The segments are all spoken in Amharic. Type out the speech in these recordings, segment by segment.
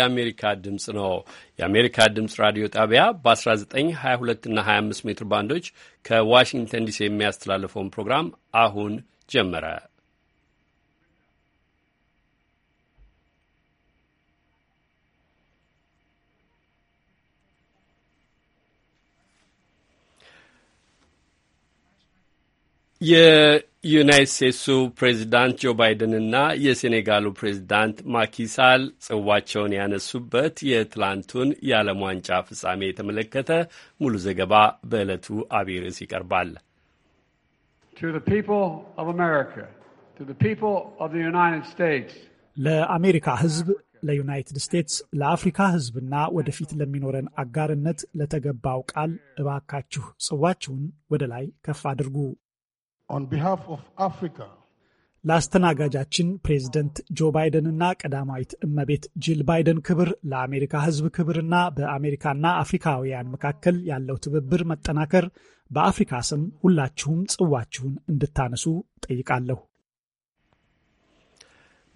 የአሜሪካ ድምፅ ነው። የአሜሪካ ድምፅ ራዲዮ ጣቢያ በ1922 እና 25 ሜትር ባንዶች ከዋሽንግተን ዲሲ የሚያስተላልፈውን ፕሮግራም አሁን ጀመረ። የ ዩናይት ስቴትሱ ፕሬዚዳንት ጆ ባይደንና የሴኔጋሉ ፕሬዚዳንት ማኪሳል ጽዋቸውን ያነሱበት የትላንቱን የዓለም ዋንጫ ፍጻሜ የተመለከተ ሙሉ ዘገባ በዕለቱ አብይ ርዕስ ይቀርባል። ለአሜሪካ ሕዝብ፣ ለዩናይትድ ስቴትስ፣ ለአፍሪካ ሕዝብና ወደፊት ለሚኖረን አጋርነት ለተገባው ቃል እባካችሁ ጽዋችሁን ወደ ላይ ከፍ አድርጉ። ለአስተናጋጃችን ፕሬዝደንት ጆ ባይደንና ቀዳማዊት እመቤት ጂል ባይደን ክብር፣ ለአሜሪካ ሕዝብ ክብርና በአሜሪካና አፍሪካውያን መካከል ያለው ትብብር መጠናከር በአፍሪካ ስም ሁላችሁም ጽዋችሁን እንድታነሱ ጠይቃለሁ።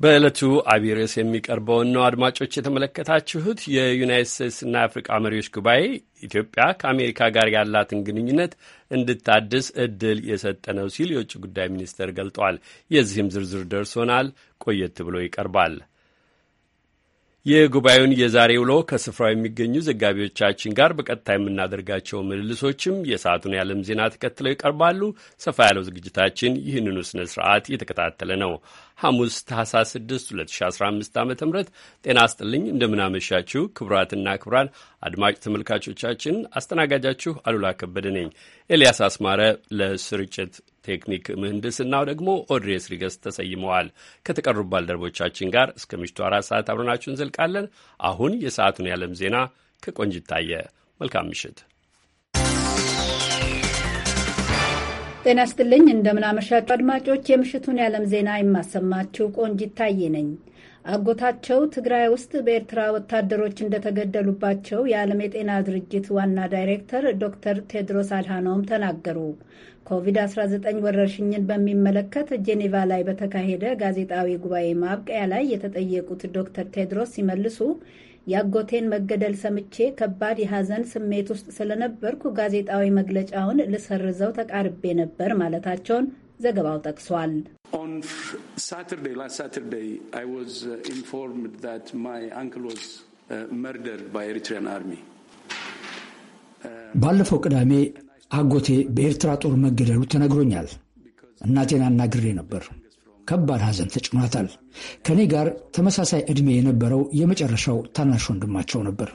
በዕለቱ አብይ ርዕስ የሚቀርበውን ነው አድማጮች የተመለከታችሁት። የዩናይት ስቴትስና የአፍሪቃ መሪዎች ጉባኤ ኢትዮጵያ ከአሜሪካ ጋር ያላትን ግንኙነት እንድታድስ እድል የሰጠ ነው ሲል የውጭ ጉዳይ ሚኒስቴር ገልጧል። የዚህም ዝርዝር ደርሶናል፣ ቆየት ብሎ ይቀርባል። የጉባኤውን የዛሬ ውሎ ከስፍራው የሚገኙ ዘጋቢዎቻችን ጋር በቀጥታ የምናደርጋቸው ምልልሶችም የሰዓቱን የዓለም ዜና ተከትለው ይቀርባሉ። ሰፋ ያለው ዝግጅታችን ይህንኑ ስነ ስርዓት እየተከታተለ ነው። ሐሙስ ታህሳስ 6 2015 ዓ ም ጤና አስጥልኝ። እንደምናመሻችሁ ክቡራትና ክቡራን አድማጭ ተመልካቾቻችን አስተናጋጃችሁ አሉላ ከበደ ነኝ። ኤልያስ አስማረ ለስርጭት ቴክኒክ ምህንድስናው ደግሞ ኦድሬስ ሪገስ ተሰይመዋል። ከተቀሩ ባልደረቦቻችን ጋር እስከ ምሽቱ አራት ሰዓት አብረናችሁን ዘልቃለን። አሁን የሰዓቱን የዓለም ዜና ከቆንጅ ታየ። መልካም ምሽት። ጤና ስትልኝ እንደምናመሻችሁ አድማጮች፣ የምሽቱን የዓለም ዜና የማሰማችው ቆንጅ ታዬ ነኝ። አጎታቸው ትግራይ ውስጥ በኤርትራ ወታደሮች እንደተገደሉባቸው የዓለም የጤና ድርጅት ዋና ዳይሬክተር ዶክተር ቴድሮስ አድሃኖም ተናገሩ። ኮቪድ-19 ወረርሽኝን በሚመለከት ጄኔቫ ላይ በተካሄደ ጋዜጣዊ ጉባኤ ማብቂያ ላይ የተጠየቁት ዶክተር ቴድሮስ ሲመልሱ የአጎቴን መገደል ሰምቼ ከባድ የሐዘን ስሜት ውስጥ ስለነበርኩ ጋዜጣዊ መግለጫውን ልሰርዘው ተቃርቤ ነበር ማለታቸውን ዘገባው ጠቅሷል። uh, uh, uh, ባለፈው ቅዳሜ አጎቴ በኤርትራ ጦር መገደሉ ተነግሮኛል። እናቴን አናግሬ ነበር። ከባድ ሐዘን ተጭኗታል። ከእኔ ጋር ተመሳሳይ ዕድሜ የነበረው የመጨረሻው ታናሽ ወንድማቸው ነበር።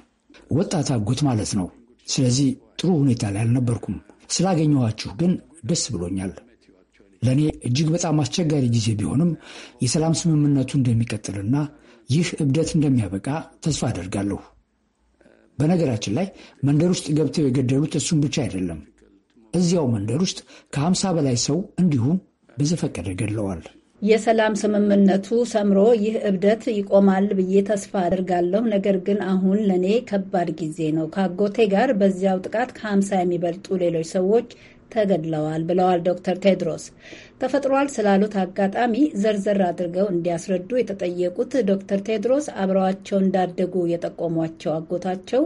ወጣት አጎት ማለት ነው። ስለዚህ ጥሩ ሁኔታ ላይ አልነበርኩም። ስላገኘኋችሁ ግን ደስ ብሎኛል። ለእኔ እጅግ በጣም አስቸጋሪ ጊዜ ቢሆንም የሰላም ስምምነቱ እንደሚቀጥልና ይህ እብደት እንደሚያበቃ ተስፋ አደርጋለሁ። በነገራችን ላይ መንደር ውስጥ ገብተው የገደሉት እሱም ብቻ አይደለም። እዚያው መንደር ውስጥ ከ50 በላይ ሰው እንዲሁ በዘፈቀደ ገድለዋል። የሰላም ስምምነቱ ሰምሮ ይህ እብደት ይቆማል ብዬ ተስፋ አድርጋለሁ። ነገር ግን አሁን ለእኔ ከባድ ጊዜ ነው። ከአጎቴ ጋር በዚያው ጥቃት ከ50 የሚበልጡ ሌሎች ሰዎች ተገድለዋል ብለዋል ዶክተር ቴድሮስ። ተፈጥሯል ስላሉት አጋጣሚ ዘርዘር አድርገው እንዲያስረዱ የተጠየቁት ዶክተር ቴድሮስ አብረዋቸው እንዳደጉ የጠቆሟቸው አጎታቸው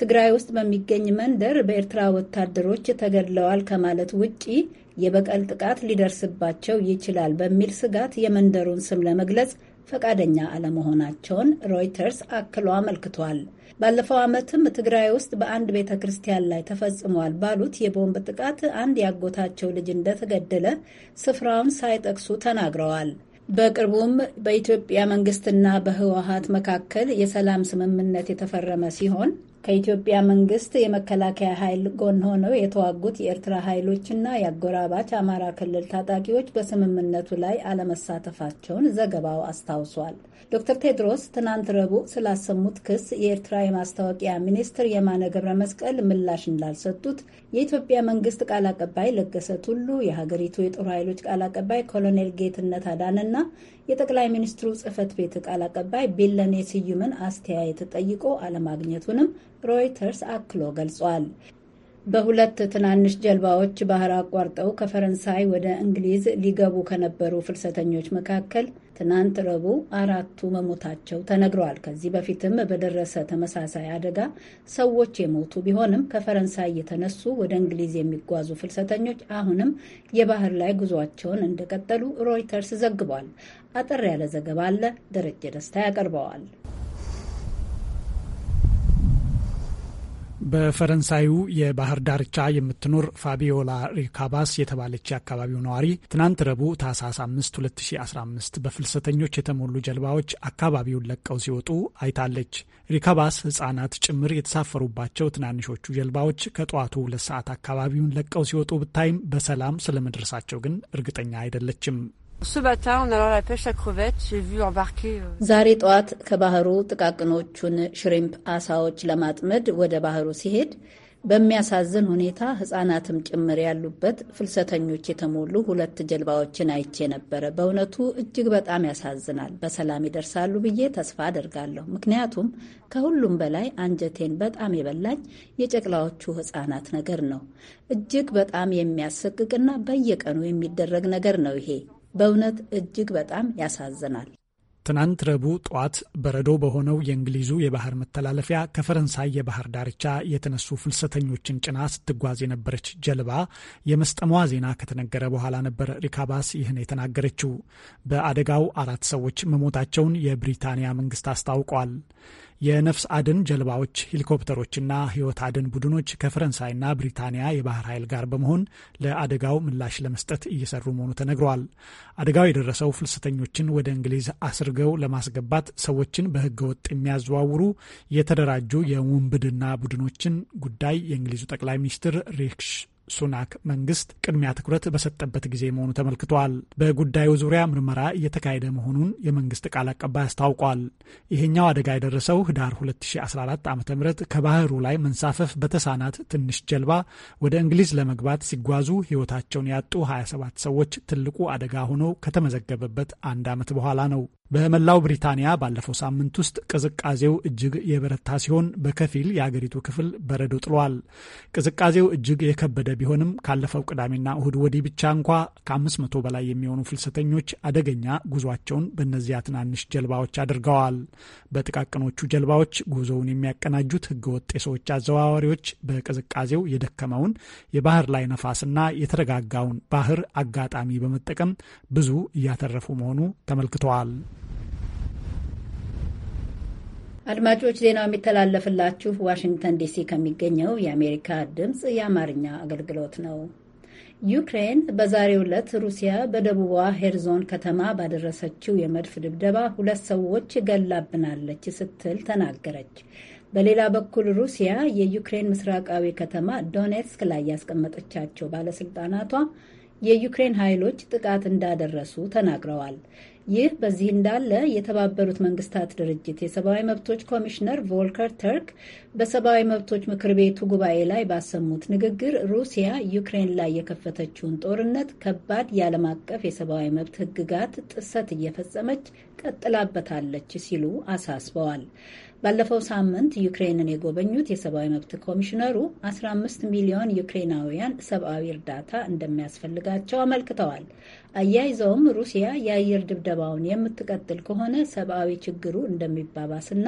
ትግራይ ውስጥ በሚገኝ መንደር በኤርትራ ወታደሮች ተገድለዋል ከማለት ውጪ የበቀል ጥቃት ሊደርስባቸው ይችላል በሚል ስጋት የመንደሩን ስም ለመግለጽ ፈቃደኛ አለመሆናቸውን ሮይተርስ አክሎ አመልክቷል። ባለፈው ዓመትም ትግራይ ውስጥ በአንድ ቤተ ክርስቲያን ላይ ተፈጽሟል ባሉት የቦምብ ጥቃት አንድ ያጎታቸው ልጅ እንደተገደለ ስፍራውን ሳይጠቅሱ ተናግረዋል። በቅርቡም በኢትዮጵያ መንግስትና በህወሀት መካከል የሰላም ስምምነት የተፈረመ ሲሆን ከኢትዮጵያ መንግስት የመከላከያ ኃይል ጎን ሆነው የተዋጉት የኤርትራ ኃይሎችና የአጎራባች አማራ ክልል ታጣቂዎች በስምምነቱ ላይ አለመሳተፋቸውን ዘገባው አስታውሷል። ዶክተር ቴድሮስ ትናንት ረቡዕ ስላሰሙት ክስ የኤርትራ የማስታወቂያ ሚኒስትር የማነ ገብረ መስቀል ምላሽ እንዳልሰጡት የኢትዮጵያ መንግስት ቃል አቀባይ ለገሰ ቱሉ፣ የሀገሪቱ የጦር ኃይሎች ቃል አቀባይ ኮሎኔል ጌትነት አዳንና የጠቅላይ ሚኒስትሩ ጽህፈት ቤት ቃል አቀባይ ቢለኔ ስዩምን አስተያየት ጠይቆ አለማግኘቱንም ሮይተርስ አክሎ ገልጿል። በሁለት ትናንሽ ጀልባዎች ባህር አቋርጠው ከፈረንሳይ ወደ እንግሊዝ ሊገቡ ከነበሩ ፍልሰተኞች መካከል ትናንት ረቡዕ አራቱ መሞታቸው ተነግሯል። ከዚህ በፊትም በደረሰ ተመሳሳይ አደጋ ሰዎች የሞቱ ቢሆንም ከፈረንሳይ የተነሱ ወደ እንግሊዝ የሚጓዙ ፍልሰተኞች አሁንም የባህር ላይ ጉዟቸውን እንደቀጠሉ ሮይተርስ ዘግቧል። አጠር ያለ ዘገባ አለ፣ ደረጀ ደስታ ያቀርበዋል። በፈረንሳዩ የባህር ዳርቻ የምትኖር ፋቢዮላ ሪካባስ የተባለች የአካባቢው ነዋሪ ትናንት ረቡዕ ታህሳስ 5 2015 በፍልሰተኞች የተሞሉ ጀልባዎች አካባቢውን ለቀው ሲወጡ አይታለች። ሪካባስ ሕጻናት ጭምር የተሳፈሩባቸው ትናንሾቹ ጀልባዎች ከጠዋቱ ሁለት ሰዓት አካባቢውን ለቀው ሲወጡ ብታይም በሰላም ስለመድረሳቸው ግን እርግጠኛ አይደለችም። Euh, ዛሬ ጠዋት ከባህሩ ጥቃቅኖቹን ሽሪምፕ አሳዎች ለማጥመድ ወደ ባህሩ ሲሄድ በሚያሳዝን ሁኔታ ሕጻናትም ጭምር ያሉበት ፍልሰተኞች የተሞሉ ሁለት ጀልባዎችን አይቼ ነበረ። በእውነቱ እጅግ በጣም ያሳዝናል። በሰላም ይደርሳሉ ብዬ ተስፋ አደርጋለሁ። ምክንያቱም ከሁሉም በላይ አንጀቴን በጣም የበላኝ የጨቅላዎቹ ሕጻናት ነገር ነው። እጅግ በጣም የሚያሰቅቅና በየቀኑ የሚደረግ ነገር ነው ይሄ በእውነት እጅግ በጣም ያሳዝናል። ትናንት ረቡዕ ጠዋት በረዶ በሆነው የእንግሊዙ የባህር መተላለፊያ ከፈረንሳይ የባህር ዳርቻ የተነሱ ፍልሰተኞችን ጭና ስትጓዝ የነበረች ጀልባ የመስጠሟ ዜና ከተነገረ በኋላ ነበር ሪካባስ ይህን የተናገረችው። በአደጋው አራት ሰዎች መሞታቸውን የብሪታንያ መንግስት አስታውቋል። የነፍስ አድን ጀልባዎች፣ ሄሊኮፕተሮችና ሕይወት አድን ቡድኖች ከፈረንሳይና ብሪታንያ የባህር ኃይል ጋር በመሆን ለአደጋው ምላሽ ለመስጠት እየሰሩ መሆኑ ተነግረዋል። አደጋው የደረሰው ፍልሰተኞችን ወደ እንግሊዝ አስርገው ለማስገባት ሰዎችን በህገ ወጥ የሚያዘዋውሩ የተደራጁ የውንብድና ቡድኖችን ጉዳይ የእንግሊዙ ጠቅላይ ሚኒስትር ሪክሽ ሱናክ መንግስት ቅድሚያ ትኩረት በሰጠበት ጊዜ መሆኑ ተመልክቷል። በጉዳዩ ዙሪያ ምርመራ እየተካሄደ መሆኑን የመንግስት ቃል አቀባይ አስታውቋል። ይሄኛው አደጋ የደረሰው ህዳር 2014 ዓ ም ከባህሩ ላይ መንሳፈፍ በተሳናት ትንሽ ጀልባ ወደ እንግሊዝ ለመግባት ሲጓዙ ህይወታቸውን ያጡ 27 ሰዎች ትልቁ አደጋ ሆኖ ከተመዘገበበት አንድ ዓመት በኋላ ነው። በመላው ብሪታንያ ባለፈው ሳምንት ውስጥ ቅዝቃዜው እጅግ የበረታ ሲሆን በከፊል የአገሪቱ ክፍል በረዶ ጥሏል። ቅዝቃዜው እጅግ የከበደ ቢሆንም ካለፈው ቅዳሜና እሁድ ወዲህ ብቻ እንኳ ከ500 በላይ የሚሆኑ ፍልሰተኞች አደገኛ ጉዟቸውን በእነዚያ ትናንሽ ጀልባዎች አድርገዋል። በጥቃቅኖቹ ጀልባዎች ጉዞውን የሚያቀናጁት ህገወጥ የሰዎች አዘዋዋሪዎች በቅዝቃዜው የደከመውን የባህር ላይ ነፋስና የተረጋጋውን ባህር አጋጣሚ በመጠቀም ብዙ እያተረፉ መሆኑ ተመልክተዋል። አድማጮች ዜናው የሚተላለፍላችሁ ዋሽንግተን ዲሲ ከሚገኘው የአሜሪካ ድምፅ የአማርኛ አገልግሎት ነው። ዩክሬን በዛሬው ዕለት ሩሲያ በደቡቧ ሄርዞን ከተማ ባደረሰችው የመድፍ ድብደባ ሁለት ሰዎች ገላብናለች ስትል ተናገረች። በሌላ በኩል ሩሲያ የዩክሬን ምስራቃዊ ከተማ ዶኔትስክ ላይ ያስቀመጠቻቸው ባለስልጣናቷ የዩክሬን ኃይሎች ጥቃት እንዳደረሱ ተናግረዋል። ይህ በዚህ እንዳለ የተባበሩት መንግስታት ድርጅት የሰብአዊ መብቶች ኮሚሽነር ቮልከር ተርክ በሰብአዊ መብቶች ምክር ቤቱ ጉባኤ ላይ ባሰሙት ንግግር ሩሲያ ዩክሬን ላይ የከፈተችውን ጦርነት ከባድ የዓለም አቀፍ የሰብአዊ መብት ሕግጋት ጥሰት እየፈጸመች ቀጥላበታለች ሲሉ አሳስበዋል። ባለፈው ሳምንት ዩክሬንን የጎበኙት የሰብአዊ መብት ኮሚሽነሩ 15 ሚሊዮን ዩክሬናውያን ሰብአዊ እርዳታ እንደሚያስፈልጋቸው አመልክተዋል። አያይዘውም ሩሲያ የአየር ድብደባውን የምትቀጥል ከሆነ ሰብአዊ ችግሩ እንደሚባባስና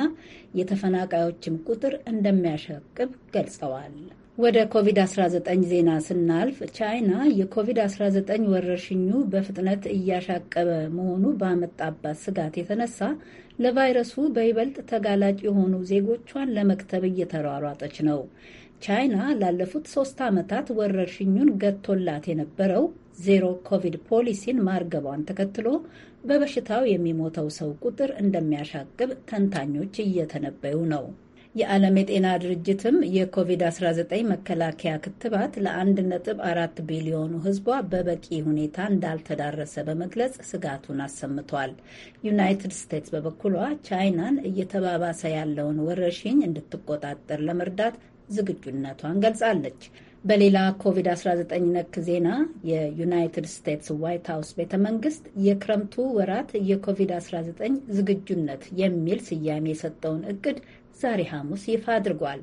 የተፈናቃዮችም ቁጥር እንደሚያሻቅብ ገልጸዋል። ወደ ኮቪድ-19 ዜና ስናልፍ ቻይና የኮቪድ-19 ወረርሽኙ በፍጥነት እያሻቀበ መሆኑ ባመጣባት ስጋት የተነሳ ለቫይረሱ በይበልጥ ተጋላጭ የሆኑ ዜጎቿን ለመክተብ እየተሯሯጠች ነው። ቻይና ላለፉት ሶስት ዓመታት ወረርሽኙን ገቶላት የነበረው ዜሮ ኮቪድ ፖሊሲን ማርገቧን ተከትሎ በበሽታው የሚሞተው ሰው ቁጥር እንደሚያሻቅብ ተንታኞች እየተነበዩ ነው። የዓለም የጤና ድርጅትም የኮቪድ-19 መከላከያ ክትባት ለ1.4 ቢሊዮኑ ህዝቧ በበቂ ሁኔታ እንዳልተዳረሰ በመግለጽ ስጋቱን አሰምቷል። ዩናይትድ ስቴትስ በበኩሏ ቻይናን እየተባባሰ ያለውን ወረርሽኝ እንድትቆጣጠር ለመርዳት ዝግጁነቷን ገልጻለች። በሌላ ኮቪድ-19 ነክ ዜና የዩናይትድ ስቴትስ ዋይት ሀውስ ቤተ መንግስት የክረምቱ ወራት የኮቪድ-19 ዝግጁነት የሚል ስያሜ የሰጠውን እቅድ ዛሬ ሐሙስ ይፋ አድርጓል።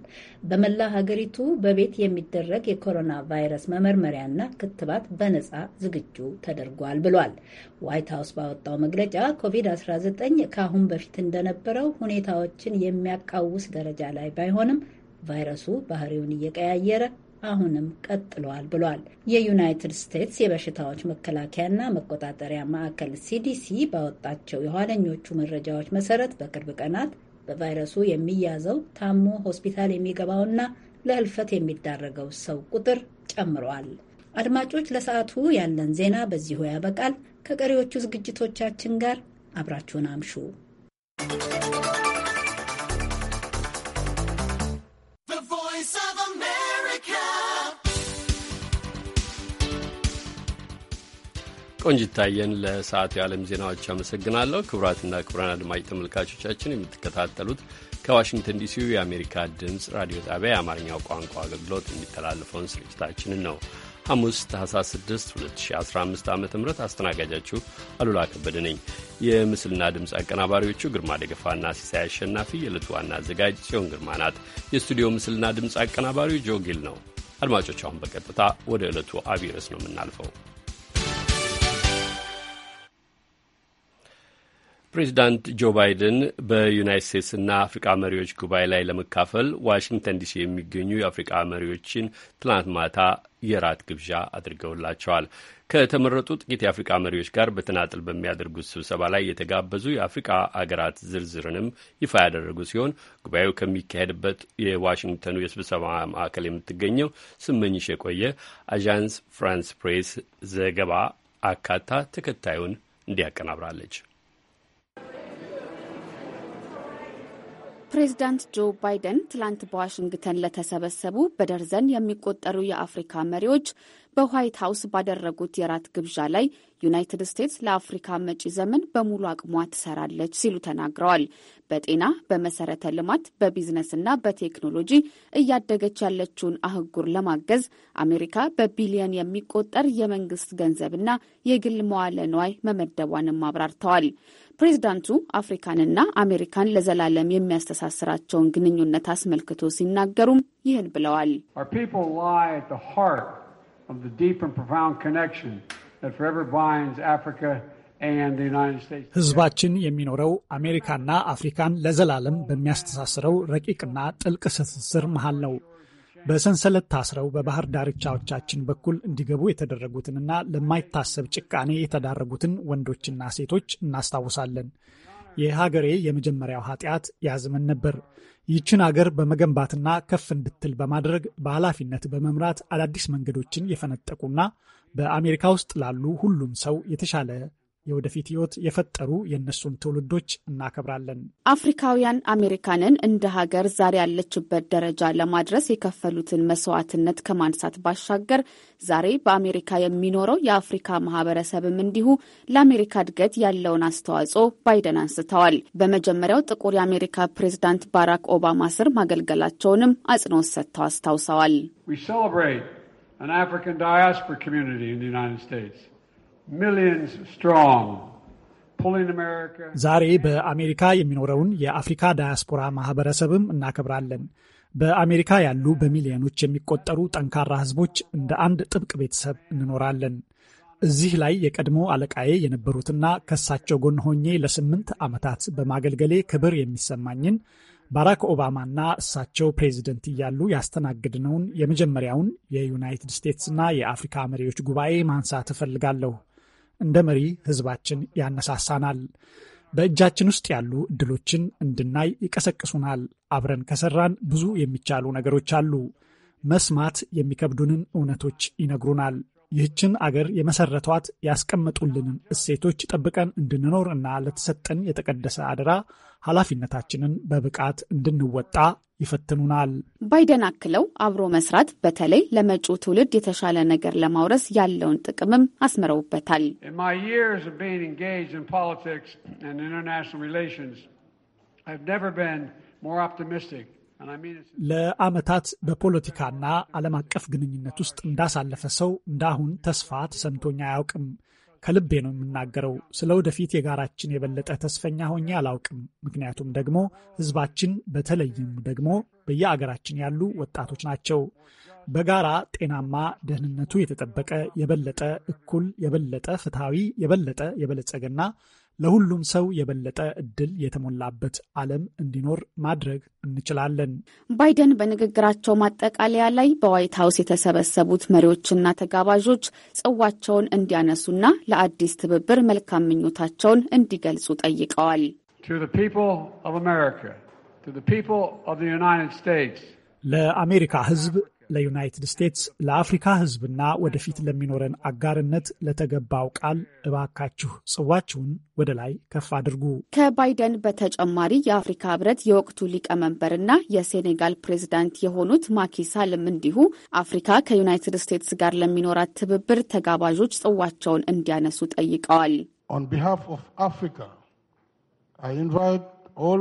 በመላ ሀገሪቱ በቤት የሚደረግ የኮሮና ቫይረስ መመርመሪያና ክትባት በነጻ ዝግጁ ተደርጓል ብሏል። ዋይት ሀውስ ባወጣው መግለጫ ኮቪድ-19 ከአሁን በፊት እንደነበረው ሁኔታዎችን የሚያቃውስ ደረጃ ላይ ባይሆንም ቫይረሱ ባህሪውን እየቀያየረ አሁንም ቀጥሏል ብሏል። የዩናይትድ ስቴትስ የበሽታዎች መከላከያና መቆጣጠሪያ ማዕከል ሲዲሲ ባወጣቸው የኋለኞቹ መረጃዎች መሰረት በቅርብ ቀናት በቫይረሱ የሚያዘው ታሞ ሆስፒታል የሚገባውና ለህልፈት የሚዳረገው ሰው ቁጥር ጨምሯል። አድማጮች፣ ለሰዓቱ ያለን ዜና በዚሁ ያበቃል። ከቀሪዎቹ ዝግጅቶቻችን ጋር አብራችሁን አምሹ። ቆንጅታየን ለሰዓቱ የዓለም ዜናዎች አመሰግናለሁ። ክቡራትና ክቡራን አድማጭ ተመልካቾቻችን የምትከታተሉት ከዋሽንግተን ዲሲው የአሜሪካ ድምፅ ራዲዮ ጣቢያ የአማርኛው ቋንቋ አገልግሎት የሚተላለፈውን ስርጭታችንን ነው። ሐሙስ ታህሳስ 6 2015 ዓ ም አስተናጋጃችሁ አሉላ ከበደ ነኝ። የምስልና ድምፅ አቀናባሪዎቹ ግርማ ደገፋና ሲሳይ አሸናፊ፣ የዕለቱ ዋና አዘጋጅ ጽዮን ግርማ ናት። የስቱዲዮ ምስልና ድምፅ አቀናባሪው ጆጊል ነው። አድማጮች አሁን በቀጥታ ወደ ዕለቱ አብይ ነው የምናልፈው። ፕሬዚዳንት ጆ ባይደን በዩናይት ስቴትስና አፍሪቃ መሪዎች ጉባኤ ላይ ለመካፈል ዋሽንግተን ዲሲ የሚገኙ የአፍሪቃ መሪዎችን ትናንት ማታ የራት ግብዣ አድርገውላቸዋል። ከተመረጡ ጥቂት የአፍሪቃ መሪዎች ጋር በተናጥል በሚያደርጉት ስብሰባ ላይ የተጋበዙ የአፍሪቃ አገራት ዝርዝርንም ይፋ ያደረጉ ሲሆን ጉባኤው ከሚካሄድበት የዋሽንግተኑ የስብሰባ ማዕከል የምትገኘው ስመኝሽ የቆየ አዣንስ ፍራንስ ፕሬስ ዘገባ አካታ ተከታዩን እንዲያቀናብራለች። ፕሬዚዳንት ጆ ባይደን ትላንት በዋሽንግተን ለተሰበሰቡ በደርዘን የሚቆጠሩ የአፍሪካ መሪዎች በዋይት ሀውስ ባደረጉት የራት ግብዣ ላይ ዩናይትድ ስቴትስ ለአፍሪካ መጪ ዘመን በሙሉ አቅሟ ትሰራለች ሲሉ ተናግረዋል። በጤና፣ በመሰረተ ልማት፣ በቢዝነስ እና በቴክኖሎጂ እያደገች ያለችውን አህጉር ለማገዝ አሜሪካ በቢሊየን የሚቆጠር የመንግስት ገንዘብና የግል መዋለ ንዋይ መመደቧንም አብራርተዋል። ፕሬዚዳንቱ አፍሪካንና አሜሪካን ለዘላለም የሚያስተሳስራቸውን ግንኙነት አስመልክቶ ሲናገሩም ይህን ብለዋል። ሕዝባችን የሚኖረው አሜሪካና አፍሪካን ለዘላለም በሚያስተሳስረው ረቂቅና ጥልቅ ትስስር መሃል ነው። በሰንሰለት ታስረው በባህር ዳርቻዎቻችን በኩል እንዲገቡ የተደረጉትንና ለማይታሰብ ጭቃኔ የተዳረጉትን ወንዶችና ሴቶች እናስታውሳለን። የሀገሬ የመጀመሪያው ኃጢአት ያዝመን ነበር። ይችን አገር በመገንባትና ከፍ እንድትል በማድረግ በኃላፊነት በመምራት አዳዲስ መንገዶችን የፈነጠቁና በአሜሪካ ውስጥ ላሉ ሁሉም ሰው የተሻለ የወደፊት ህይወት የፈጠሩ የእነሱን ትውልዶች እናከብራለን። አፍሪካውያን አሜሪካንን እንደ ሀገር ዛሬ ያለችበት ደረጃ ለማድረስ የከፈሉትን መስዋዕትነት ከማንሳት ባሻገር ዛሬ በአሜሪካ የሚኖረው የአፍሪካ ማህበረሰብም እንዲሁ ለአሜሪካ እድገት ያለውን አስተዋጽኦ ባይደን አንስተዋል። በመጀመሪያው ጥቁር የአሜሪካ ፕሬዝዳንት ባራክ ኦባማ ስር ማገልገላቸውንም አጽንኦት ሰጥተው አስታውሰዋል። We celebrate an African diaspora ዛሬ በአሜሪካ የሚኖረውን የአፍሪካ ዳያስፖራ ማህበረሰብም እናከብራለን። በአሜሪካ ያሉ በሚሊዮኖች የሚቆጠሩ ጠንካራ ህዝቦች እንደ አንድ ጥብቅ ቤተሰብ እንኖራለን። እዚህ ላይ የቀድሞ አለቃዬ የነበሩትና ከሳቸው ጎን ሆኜ ለስምንት ዓመታት በማገልገሌ ክብር የሚሰማኝን ባራክ ኦባማና እሳቸው ፕሬዚደንት እያሉ ያስተናግድነውን የመጀመሪያውን የዩናይትድ ስቴትስና የአፍሪካ መሪዎች ጉባኤ ማንሳት እፈልጋለሁ። እንደ መሪ ህዝባችን ያነሳሳናል። በእጃችን ውስጥ ያሉ እድሎችን እንድናይ ይቀሰቅሱናል። አብረን ከሰራን ብዙ የሚቻሉ ነገሮች አሉ። መስማት የሚከብዱንን እውነቶች ይነግሩናል። ይህችን አገር የመሰረቷት ያስቀመጡልንን እሴቶች ጠብቀን እንድንኖር እና ለተሰጠን የተቀደሰ አደራ ኃላፊነታችንን በብቃት እንድንወጣ ይፈትኑናል። ባይደን አክለው አብሮ መስራት በተለይ ለመጪው ትውልድ የተሻለ ነገር ለማውረስ ያለውን ጥቅምም አስምረውበታል። ለአመታት በፖለቲካና ዓለም አቀፍ ግንኙነት ውስጥ እንዳሳለፈ ሰው እንደ አሁን ተስፋ ተሰምቶኝ አያውቅም። ከልቤ ነው የምናገረው። ስለ ወደፊት የጋራችን የበለጠ ተስፈኛ ሆኜ አላውቅም። ምክንያቱም ደግሞ ህዝባችን በተለይም ደግሞ በየአገራችን ያሉ ወጣቶች ናቸው። በጋራ ጤናማ፣ ደህንነቱ የተጠበቀ የበለጠ እኩል፣ የበለጠ ፍትሐዊ፣ የበለጠ የበለጸገና ለሁሉም ሰው የበለጠ እድል የተሞላበት ዓለም እንዲኖር ማድረግ እንችላለን። ባይደን በንግግራቸው ማጠቃለያ ላይ በዋይት ሀውስ የተሰበሰቡት መሪዎችና ተጋባዦች ጽዋቸውን እንዲያነሱና ለአዲስ ትብብር መልካም ምኞታቸውን እንዲገልጹ ጠይቀዋል። ለአሜሪካ ሕዝብ ለዩናይትድ ስቴትስ፣ ለአፍሪካ ሕዝብና ወደፊት ለሚኖረን አጋርነት ለተገባው ቃል እባካችሁ ጽዋችሁን ወደ ላይ ከፍ አድርጉ። ከባይደን በተጨማሪ የአፍሪካ ህብረት የወቅቱ ሊቀመንበርና የሴኔጋል ፕሬዚዳንት የሆኑት ማኪሳልም እንዲሁ አፍሪካ ከዩናይትድ ስቴትስ ጋር ለሚኖራት ትብብር ተጋባዦች ጽዋቸውን እንዲያነሱ ጠይቀዋል። On behalf of Africa, I invite all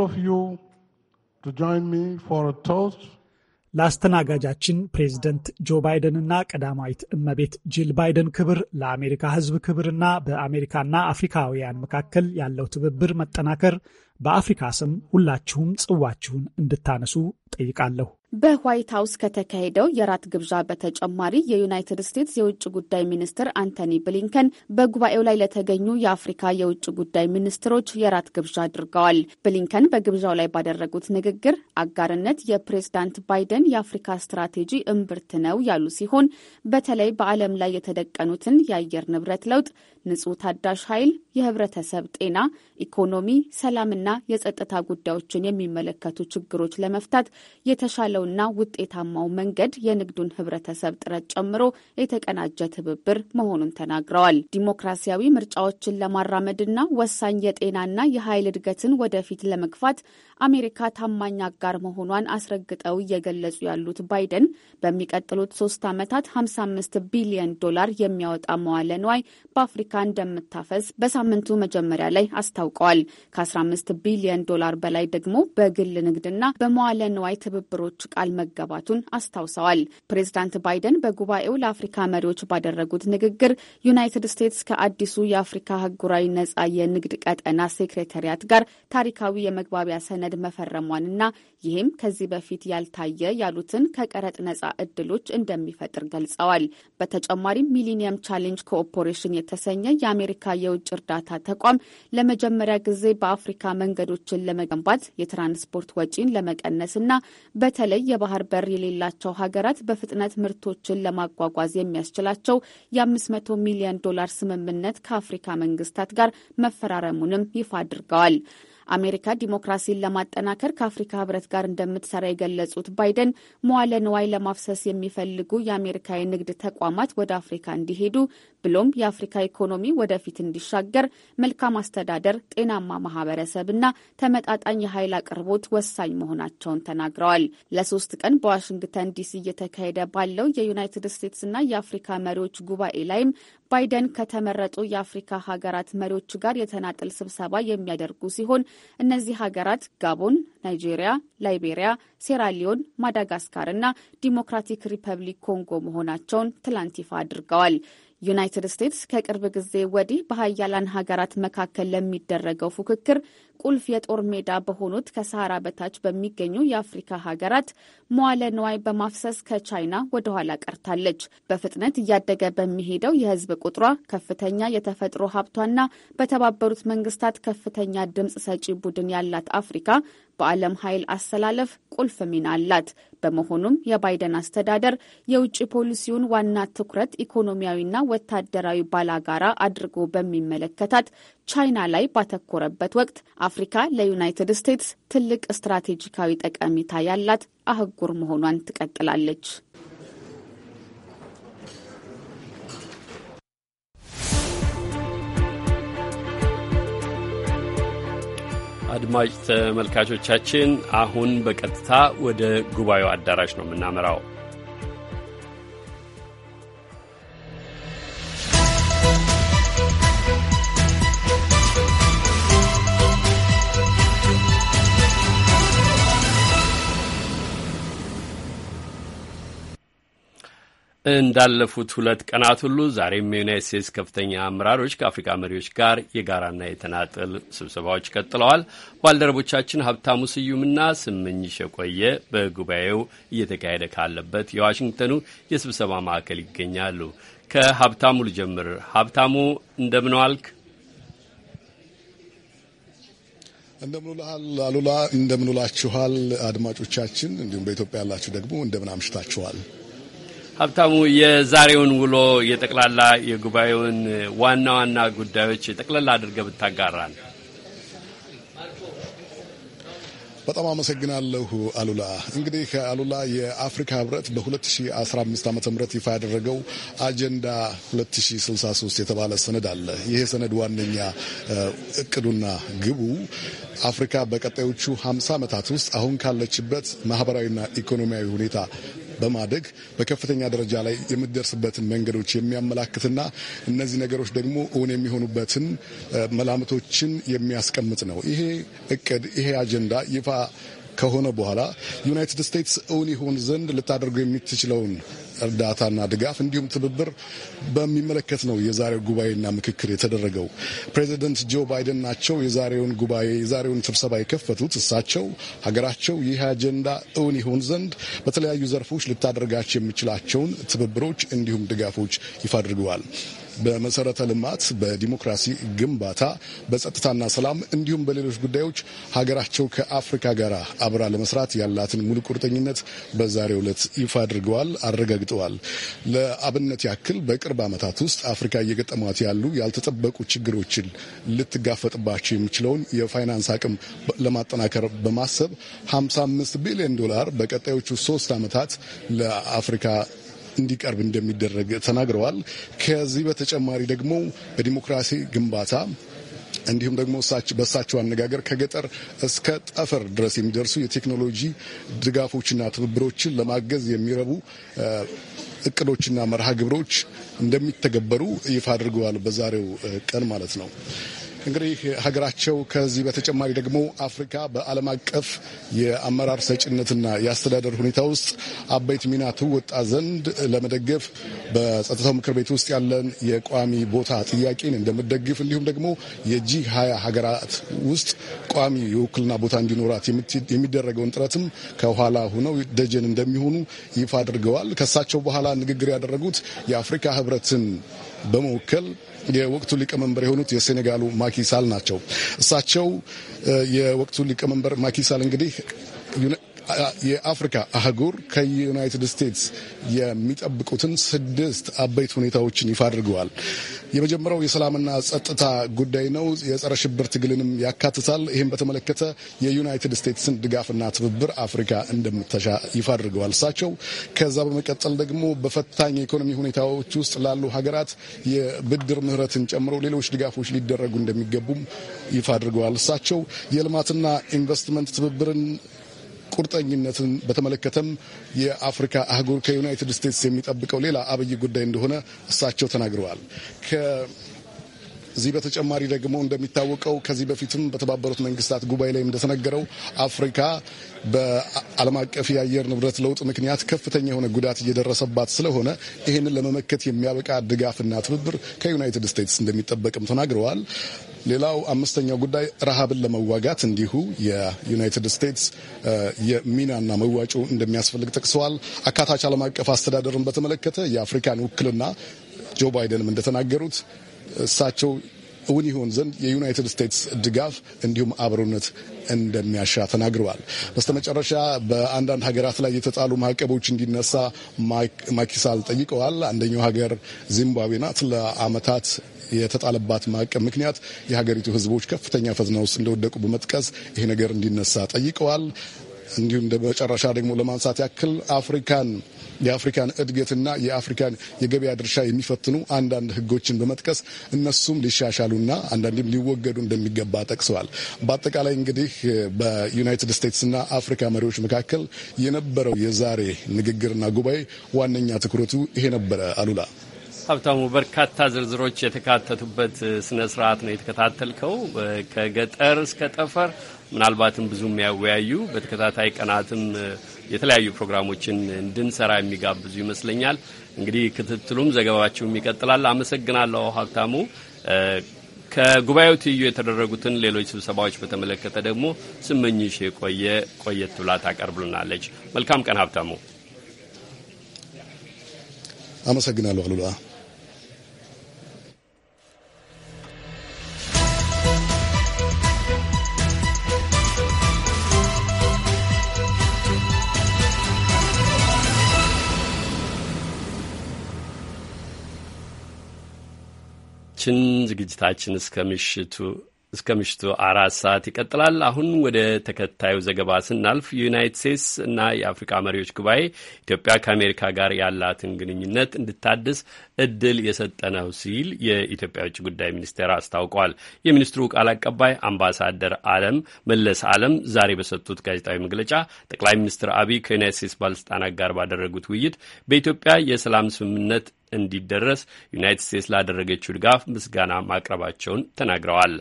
ለአስተናጋጃችን ፕሬዝደንት ጆ ባይደንና ቀዳማዊት እመቤት ጂል ባይደን ክብር፣ ለአሜሪካ ሕዝብ ክብርና በአሜሪካና አፍሪካውያን መካከል ያለው ትብብር መጠናከር በአፍሪካ ስም ሁላችሁም ጽዋችሁን እንድታነሱ ጠይቃለሁ። በዋይት ሀውስ ከተካሄደው የራት ግብዣ በተጨማሪ የዩናይትድ ስቴትስ የውጭ ጉዳይ ሚኒስትር አንቶኒ ብሊንከን በጉባኤው ላይ ለተገኙ የአፍሪካ የውጭ ጉዳይ ሚኒስትሮች የራት ግብዣ አድርገዋል። ብሊንከን በግብዣው ላይ ባደረጉት ንግግር አጋርነት የፕሬዝዳንት ባይደን የአፍሪካ ስትራቴጂ እምብርት ነው ያሉ ሲሆን በተለይ በዓለም ላይ የተደቀኑትን የአየር ንብረት ለውጥ፣ ንጹህ ታዳሽ ኃይል፣ የህብረተሰብ ጤና፣ ኢኮኖሚ፣ ሰላምና የጸጥታ ጉዳዮችን የሚመለከቱ ችግሮች ለመፍታት የተሻለውና ውጤታማው መንገድ የንግዱን ህብረተሰብ ጥረት ጨምሮ የተቀናጀ ትብብር መሆኑን ተናግረዋል። ዲሞክራሲያዊ ምርጫዎችን ለማራመድና ወሳኝ የጤናና የኃይል እድገትን ወደፊት ለመግፋት አሜሪካ ታማኝ አጋር መሆኗን አስረግጠው እየገለጹ ያሉት ባይደን በሚቀጥሉት ሶስት ዓመታት 55 ቢሊዮን ዶላር የሚያወጣ መዋለ ንዋይ በአፍሪካ እንደምታፈስ በሳምንቱ መጀመሪያ ላይ አስታውቀዋል። ከ15 ቢሊዮን ዶላር በላይ ደግሞ በግል ንግድና በመዋለ ንዋይ ትብብሮች ቃል መገባቱን አስታውሰዋል። ፕሬዚዳንት ባይደን በጉባኤው ለአፍሪካ መሪዎች ባደረጉት ንግግር ዩናይትድ ስቴትስ ከአዲሱ የአፍሪካ ህጉራዊ ነጻ የንግድ ቀጠና ሴክሬታሪያት ጋር ታሪካዊ የመግባቢያ ሰነድ መፈረሟንና ይህም ከዚህ በፊት ያልታየ ያሉትን ከቀረጥ ነጻ እድሎች እንደሚፈጥር ገልጸዋል። በተጨማሪም ሚሊኒየም ቻሌንጅ ኮኦፖሬሽን የተሰኘ የአሜሪካ የውጭ እርዳታ ተቋም ለመጀመሪያ ጊዜ በአፍሪካ መንግስት መንገዶችን ለመገንባት የትራንስፖርት ወጪን ለመቀነስና በተለይ የባህር በር የሌላቸው ሀገራት በፍጥነት ምርቶችን ለማጓጓዝ የሚያስችላቸው የ500 ሚሊዮን ዶላር ስምምነት ከአፍሪካ መንግስታት ጋር መፈራረሙንም ይፋ አድርገዋል። አሜሪካ ዲሞክራሲን ለማጠናከር ከአፍሪካ ህብረት ጋር እንደምትሰራ የገለጹት ባይደን መዋለ ንዋይ ለማፍሰስ የሚፈልጉ የአሜሪካ የንግድ ተቋማት ወደ አፍሪካ እንዲሄዱ ብሎም የአፍሪካ ኢኮኖሚ ወደፊት እንዲሻገር መልካም አስተዳደር፣ ጤናማ ማህበረሰብ እና ተመጣጣኝ የኃይል አቅርቦት ወሳኝ መሆናቸውን ተናግረዋል። ለሶስት ቀን በዋሽንግተን ዲሲ እየተካሄደ ባለው የዩናይትድ እና የአፍሪካ መሪዎች ጉባኤ ላይም ባይደን ከተመረጡ የአፍሪካ ሀገራት መሪዎች ጋር የተናጠል ስብሰባ የሚያደርጉ ሲሆን እነዚህ ሀገራት ጋቦን፣ ናይጄሪያ፣ ላይቤሪያ፣ ሴራሊዮን፣ ማዳጋስካር እና ዲሞክራቲክ ሪፐብሊክ ኮንጎ መሆናቸውን ትላንት ይፋ አድርገዋል። ዩናይትድ ስቴትስ ከቅርብ ጊዜ ወዲህ በሀያላን ሀገራት መካከል ለሚደረገው ፉክክር ቁልፍ የጦር ሜዳ በሆኑት ከሰሃራ በታች በሚገኙ የአፍሪካ ሀገራት መዋለ ንዋይ በማፍሰስ ከቻይና ወደኋላ ቀርታለች። በፍጥነት እያደገ በሚሄደው የህዝብ ቁጥሯ፣ ከፍተኛ የተፈጥሮ ሀብቷና በተባበሩት መንግስታት ከፍተኛ ድምፅ ሰጪ ቡድን ያላት አፍሪካ በዓለም ኃይል አሰላለፍ ቁልፍ ሚና አላት። በመሆኑም የባይደን አስተዳደር የውጭ ፖሊሲውን ዋና ትኩረት ኢኮኖሚያዊና ወታደራዊ ባላጋራ አድርጎ በሚመለከታት ቻይና ላይ ባተኮረበት ወቅት አፍሪካ ለዩናይትድ ስቴትስ ትልቅ ስትራቴጂካዊ ጠቀሜታ ያላት አህጉር መሆኗን ትቀጥላለች። አድማጭ ተመልካቾቻችን አሁን በቀጥታ ወደ ጉባኤው አዳራሽ ነው የምናመራው። እንዳለፉት ሁለት ቀናት ሁሉ ዛሬም የዩናይት ስቴትስ ከፍተኛ አመራሮች ከአፍሪካ መሪዎች ጋር የጋራና የተናጠል ስብሰባዎች ቀጥለዋል። ባልደረቦቻችን ሀብታሙ ስዩምና ስምኝሽ የቆየ በጉባኤው እየተካሄደ ካለበት የዋሽንግተኑ የስብሰባ ማዕከል ይገኛሉ። ከሀብታሙ ልጀምር። ሀብታሙ እንደምን ዋልክ? እንደምንላል አሉላ፣ እንደምንላችኋል አድማጮቻችን፣ እንዲሁም በኢትዮጵያ ያላችሁ ደግሞ እንደምን አምሽታችኋል? ሀብታሙ የዛሬውን ውሎ የጠቅላላ የጉባኤውን ዋና ዋና ጉዳዮች የጠቅላላ አድርገ ብታጋራን። በጣም አመሰግናለሁ አሉላ። እንግዲህ አሉላ የአፍሪካ ህብረት በ2015 ዓ ም ይፋ ያደረገው አጀንዳ 2063 የተባለ ሰነድ አለ። ይሄ ሰነድ ዋነኛ እቅዱና ግቡ አፍሪካ በቀጣዮቹ 50 ዓመታት ውስጥ አሁን ካለችበት ማህበራዊና ኢኮኖሚያዊ ሁኔታ በማደግ በከፍተኛ ደረጃ ላይ የምትደርስበትን መንገዶች የሚያመላክትና እነዚህ ነገሮች ደግሞ እውን የሚሆኑበትን መላምቶችን የሚያስቀምጥ ነው። ይሄ እቅድ ይሄ አጀንዳ ይፋ ከሆነ በኋላ ዩናይትድ ስቴትስ እውን ይሆን ዘንድ ልታደርገው የምትችለውን እርዳታና ድጋፍ እንዲሁም ትብብር በሚመለከት ነው የዛሬው ጉባኤና ምክክር የተደረገው። ፕሬዚደንት ጆ ባይደን ናቸው የዛሬውን ጉባኤ የዛሬውን ስብሰባ የከፈቱት። እሳቸው ሀገራቸው ይህ አጀንዳ እውን ይሆን ዘንድ በተለያዩ ዘርፎች ልታደርጋቸው የሚችላቸውን ትብብሮች እንዲሁም ድጋፎች ይፋ አድርገዋል። በመሰረተ ልማት፣ በዲሞክራሲ ግንባታ፣ በጸጥታና ሰላም እንዲሁም በሌሎች ጉዳዮች ሀገራቸው ከአፍሪካ ጋር አብራ ለመስራት ያላትን ሙሉ ቁርጠኝነት በዛሬ ዕለት ይፋ አድርገዋል፣ አረጋግጠዋል። ለአብነት ያክል በቅርብ ዓመታት ውስጥ አፍሪካ እየገጠሟት ያሉ ያልተጠበቁ ችግሮችን ልትጋፈጥባቸው የሚችለውን የፋይናንስ አቅም ለማጠናከር በማሰብ 55 ቢሊዮን ዶላር በቀጣዮቹ ሶስት ዓመታት ለአፍሪካ እንዲቀርብ እንደሚደረግ ተናግረዋል። ከዚህ በተጨማሪ ደግሞ በዲሞክራሲ ግንባታ እንዲሁም ደግሞ በእሳቸው አነጋገር ከገጠር እስከ ጠፈር ድረስ የሚደርሱ የቴክኖሎጂ ድጋፎችና ትብብሮችን ለማገዝ የሚረቡ እቅዶችና መርሃ ግብሮች እንደሚተገበሩ ይፋ አድርገዋል። በዛሬው ቀን ማለት ነው። እንግዲህ ሀገራቸው ከዚህ በተጨማሪ ደግሞ አፍሪካ በዓለም አቀፍ የአመራር ሰጭነትና የአስተዳደር ሁኔታ ውስጥ አበይት ሚና ትወጣ ዘንድ ለመደገፍ በጸጥታው ምክር ቤት ውስጥ ያለን የቋሚ ቦታ ጥያቄን እንደምደግፍ እንዲሁም ደግሞ የጂ ሀያ ሀገራት ውስጥ ቋሚ የውክልና ቦታ እንዲኖራት የሚደረገውን ጥረትም ከኋላ ሆነው ደጀን እንደሚሆኑ ይፋ አድርገዋል። ከሳቸው በኋላ ንግግር ያደረጉት የአፍሪካ ህብረትን በመወከል የወቅቱ ሊቀመንበር የሆኑት የሴኔጋሉ ማኪሳል ናቸው። እሳቸው የወቅቱ ሊቀመንበር ማኪሳል እንግዲህ የአፍሪካ አህጉር ከዩናይትድ ስቴትስ የሚጠብቁትን ስድስት አበይት ሁኔታዎችን ይፋ አድርገዋል። የመጀመሪያው የሰላምና ጸጥታ ጉዳይ ነው። የጸረ ሽብር ትግልንም ያካትታል። ይህም በተመለከተ የዩናይትድ ስቴትስን ድጋፍና ትብብር አፍሪካ እንደምትሻ ይፋ አድርገዋል እሳቸው። ከዛ በመቀጠል ደግሞ በፈታኝ የኢኮኖሚ ሁኔታዎች ውስጥ ላሉ ሀገራት የብድር ምህረትን ጨምሮ ሌሎች ድጋፎች ሊደረጉ እንደሚገቡም ይፋ አድርገዋል እሳቸው። የልማትና ኢንቨስትመንት ትብብርን ቁርጠኝነትን በተመለከተም የአፍሪካ አህጉር ከዩናይትድ ስቴትስ የሚጠብቀው ሌላ አብይ ጉዳይ እንደሆነ እሳቸው ተናግረዋል። ከዚህ በተጨማሪ ደግሞ እንደሚታወቀው ከዚህ በፊትም በተባበሩት መንግስታት ጉባኤ ላይ እንደተነገረው አፍሪካ በዓለም አቀፍ የአየር ንብረት ለውጥ ምክንያት ከፍተኛ የሆነ ጉዳት እየደረሰባት ስለሆነ ይህንን ለመመከት የሚያበቃ ድጋፍና ትብብር ከዩናይትድ ስቴትስ እንደሚጠበቅም ተናግረዋል። ሌላው አምስተኛው ጉዳይ ረሃብን ለመዋጋት እንዲሁ የዩናይትድ ስቴትስ የሚናና መዋጮ እንደሚያስፈልግ ጠቅሰዋል። አካታች ዓለም አቀፍ አስተዳደርን በተመለከተ የአፍሪካን ውክልና ጆ ባይደንም እንደተናገሩት እሳቸው እውን ይሆን ዘንድ የዩናይትድ ስቴትስ ድጋፍ እንዲሁም አብሮነት እንደሚያሻ ተናግረዋል። በስተመጨረሻ በአንዳንድ ሀገራት ላይ የተጣሉ ማዕቀቦች እንዲነሳ ማኪሳል ጠይቀዋል። አንደኛው ሀገር ዚምባብዌ ናት። ለአመታት ። የተጣለባት ማዕቀብ ምክንያት የሀገሪቱ ህዝቦች ከፍተኛ ፈተና ውስጥ እንደወደቁ በመጥቀስ ይሄ ነገር እንዲነሳ ጠይቀዋል። እንዲሁም በመጨረሻ ደግሞ ለማንሳት ያክል አፍሪካን የአፍሪካን እድገትና የአፍሪካን የገበያ ድርሻ የሚፈትኑ አንዳንድ ህጎችን በመጥቀስ እነሱም ሊሻሻሉና አንዳንድም ሊወገዱ እንደሚገባ ጠቅሰዋል። በአጠቃላይ እንግዲህ በዩናይትድ ስቴትስና አፍሪካ መሪዎች መካከል የነበረው የዛሬ ንግግርና ጉባኤ ዋነኛ ትኩረቱ ይሄ ነበረ። አሉላ ሀብታሙ በርካታ ዝርዝሮች የተካተቱበት ስነ ስርዓት ነው የተከታተልከው። ከገጠር እስከ ጠፈር ምናልባትም ብዙ የሚያወያዩ በተከታታይ ቀናትም የተለያዩ ፕሮግራሞችን እንድንሰራ የሚጋብዙ ይመስለኛል። እንግዲህ ክትትሉም ዘገባችሁም ይቀጥላል። አመሰግናለሁ ሀብታሙ። ከጉባኤው ትይዩ የተደረጉትን ሌሎች ስብሰባዎች በተመለከተ ደግሞ ስመኝሽ የቆየ ቆየት ብላ ታቀርብልናለች። መልካም ቀን ሀብታሙ። አመሰግናለሁ አሉላ። አድማጮቻችን ዝግጅታችን እስከ ምሽቱ እስከ ምሽቱ አራት ሰዓት ይቀጥላል። አሁን ወደ ተከታዩ ዘገባ ስናልፍ የዩናይትድ ስቴትስ እና የአፍሪካ መሪዎች ጉባኤ ኢትዮጵያ ከአሜሪካ ጋር ያላትን ግንኙነት እንድታድስ እድል የሰጠ ነው ሲል የኢትዮጵያ ውጭ ጉዳይ ሚኒስቴር አስታውቋል። የሚኒስትሩ ቃል አቀባይ አምባሳደር አለም መለስ አለም ዛሬ በሰጡት ጋዜጣዊ መግለጫ ጠቅላይ ሚኒስትር አብይ ከዩናይት ስቴትስ ባለስልጣናት ጋር ባደረጉት ውይይት በኢትዮጵያ የሰላም ስምምነት እንዲደረስ ዩናይትድ ስቴትስ ላደረገችው ድጋፍ ምስጋና ማቅረባቸውን ተናግረዋል።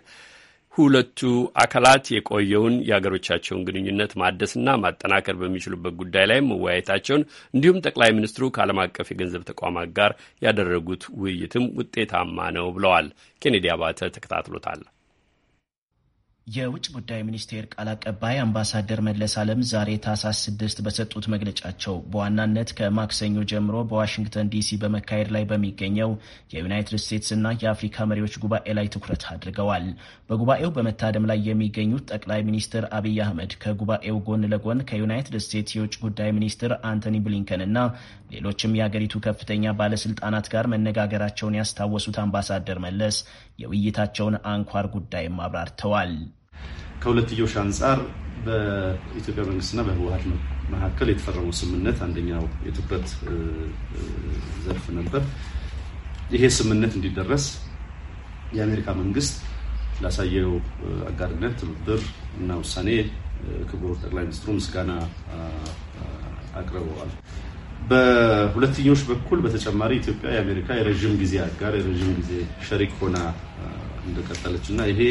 ሁለቱ አካላት የቆየውን የአገሮቻቸውን ግንኙነት ማደስና ማጠናከር በሚችሉበት ጉዳይ ላይ መወያየታቸውን እንዲሁም ጠቅላይ ሚኒስትሩ ከዓለም አቀፍ የገንዘብ ተቋማት ጋር ያደረጉት ውይይትም ውጤታማ ነው ብለዋል። ኬኔዲ አባተ ተከታትሎታል። የውጭ ጉዳይ ሚኒስቴር ቃል አቀባይ አምባሳደር መለስ አለም ዛሬ ታህሳስ ስድስት በሰጡት መግለጫቸው በዋናነት ከማክሰኞ ጀምሮ በዋሽንግተን ዲሲ በመካሄድ ላይ በሚገኘው የዩናይትድ እና የአፍሪካ መሪዎች ጉባኤ ላይ ትኩረት አድርገዋል። በጉባኤው በመታደም ላይ የሚገኙት ጠቅላይ ሚኒስትር አብይ አህመድ ከጉባኤው ጎን ለጎን ከዩናይትድ ስቴትስ የውጭ ጉዳይ ሚኒስትር አንቶኒ ብሊንከን እና ሌሎችም የአገሪቱ ከፍተኛ ባለስልጣናት ጋር መነጋገራቸውን ያስታወሱት አምባሳደር መለስ የውይይታቸውን አንኳር ጉዳይም አብራርተዋል። ከሁለትዮሽ አንጻር በኢትዮጵያ መንግስትና በህወሀት መካከል የተፈረመው ስምምነት አንደኛው የትኩረት ዘርፍ ነበር። ይሄ ስምምነት እንዲደረስ የአሜሪካ መንግስት ላሳየው አጋርነት፣ ትብብር እና ውሳኔ ክቡር ጠቅላይ ሚኒስትሩ ምስጋና አቅርበዋል። በሁለትዮሽ በኩል በተጨማሪ ኢትዮጵያ የአሜሪካ የረዥም ጊዜ አጋር የረዥም ጊዜ ሸሪክ ሆና እንደቀጠለች እና ይሄ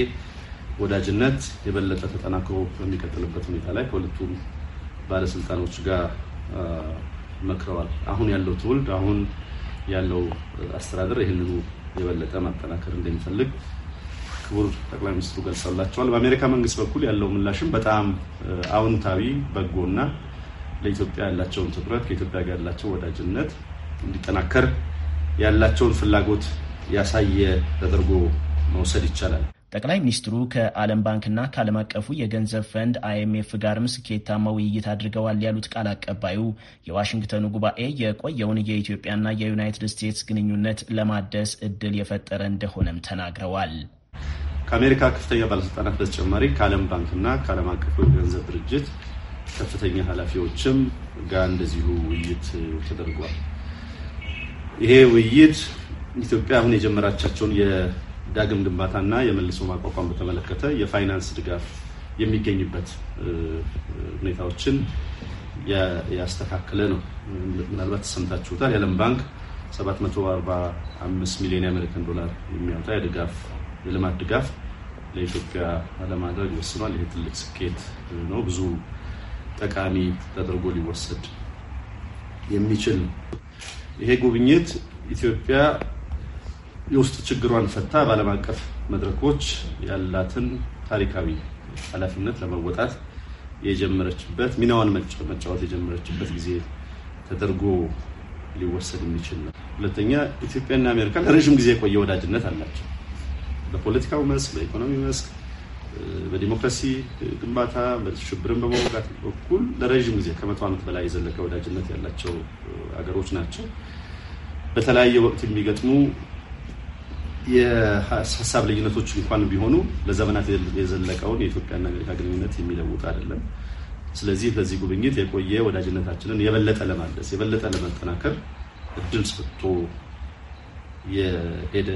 ወዳጅነት የበለጠ ተጠናክሮ በሚቀጥልበት ሁኔታ ላይ ከሁለቱም ባለስልጣኖች ጋር መክረዋል። አሁን ያለው ትውልድ አሁን ያለው አስተዳደር ይህንኑ የበለጠ ማጠናከር እንደሚፈልግ ክቡር ጠቅላይ ሚኒስትሩ ገልጸውላቸዋል። በአሜሪካ መንግስት በኩል ያለው ምላሽም በጣም አዎንታዊ በጎና ለኢትዮጵያ ያላቸውን ትኩረት ከኢትዮጵያ ጋር ያላቸው ወዳጅነት እንዲጠናከር ያላቸውን ፍላጎት ያሳየ ተደርጎ መውሰድ ይቻላል። ጠቅላይ ሚኒስትሩ ከዓለም ባንክና ከዓለም አቀፉ የገንዘብ ፈንድ አይኤምኤፍ ጋርም ስኬታማ ውይይት አድርገዋል ያሉት ቃል አቀባዩ የዋሽንግተኑ ጉባኤ የቆየውን የኢትዮጵያና የዩናይትድ ስቴትስ ግንኙነት ለማደስ እድል የፈጠረ እንደሆነም ተናግረዋል። ከአሜሪካ ከፍተኛ ባለስልጣናት በተጨማሪ ከዓለም ባንክና ከዓለም አቀፉ የገንዘብ ድርጅት ከፍተኛ ኃላፊዎችም ጋር እንደዚሁ ውይይት ተደርጓል። ይሄ ውይይት ኢትዮጵያ አሁን የጀመራቻቸውን የዳግም ግንባታና የመልሶ ማቋቋም በተመለከተ የፋይናንስ ድጋፍ የሚገኝበት ሁኔታዎችን ያስተካከለ ነው። ምናልባት ተሰምታችሁታል። የዓለም ባንክ 745 ሚሊዮን የአሜሪካን ዶላር የሚያወጣ የድጋፍ የልማት ድጋፍ ለኢትዮጵያ ለማድረግ ወስኗል። ይሄ ትልቅ ስኬት ነው። ብዙ ጠቃሚ ተደርጎ ሊወሰድ የሚችል ነው። ይሄ ጉብኝት ኢትዮጵያ የውስጥ ችግሯን ፈታ በዓለም አቀፍ መድረኮች ያላትን ታሪካዊ ኃላፊነት ለመወጣት የጀመረችበት ሚናዋን መጫወት የጀመረችበት ጊዜ ተደርጎ ሊወሰድ የሚችል ነው። ሁለተኛ ኢትዮጵያና አሜሪካ ለረዥም ጊዜ የቆየ ወዳጅነት አላቸው። በፖለቲካው መስክ፣ በኢኮኖሚ መስክ በዲሞክራሲ ግንባታ ሽብርን በመወጋት በኩል ለረዥም ጊዜ ከመቶ ዓመት በላይ የዘለቀ ወዳጅነት ያላቸው አገሮች ናቸው። በተለያየ ወቅት የሚገጥሙ የሀሳብ ልዩነቶች እንኳን ቢሆኑ ለዘመናት የዘለቀውን የኢትዮጵያና አሜሪካ ግንኙነት የሚለውጥ አይደለም። ስለዚህ በዚህ ጉብኝት የቆየ ወዳጅነታችንን የበለጠ ለማለስ የበለጠ ለመጠናከር እድል ሰጥቶ የሄደ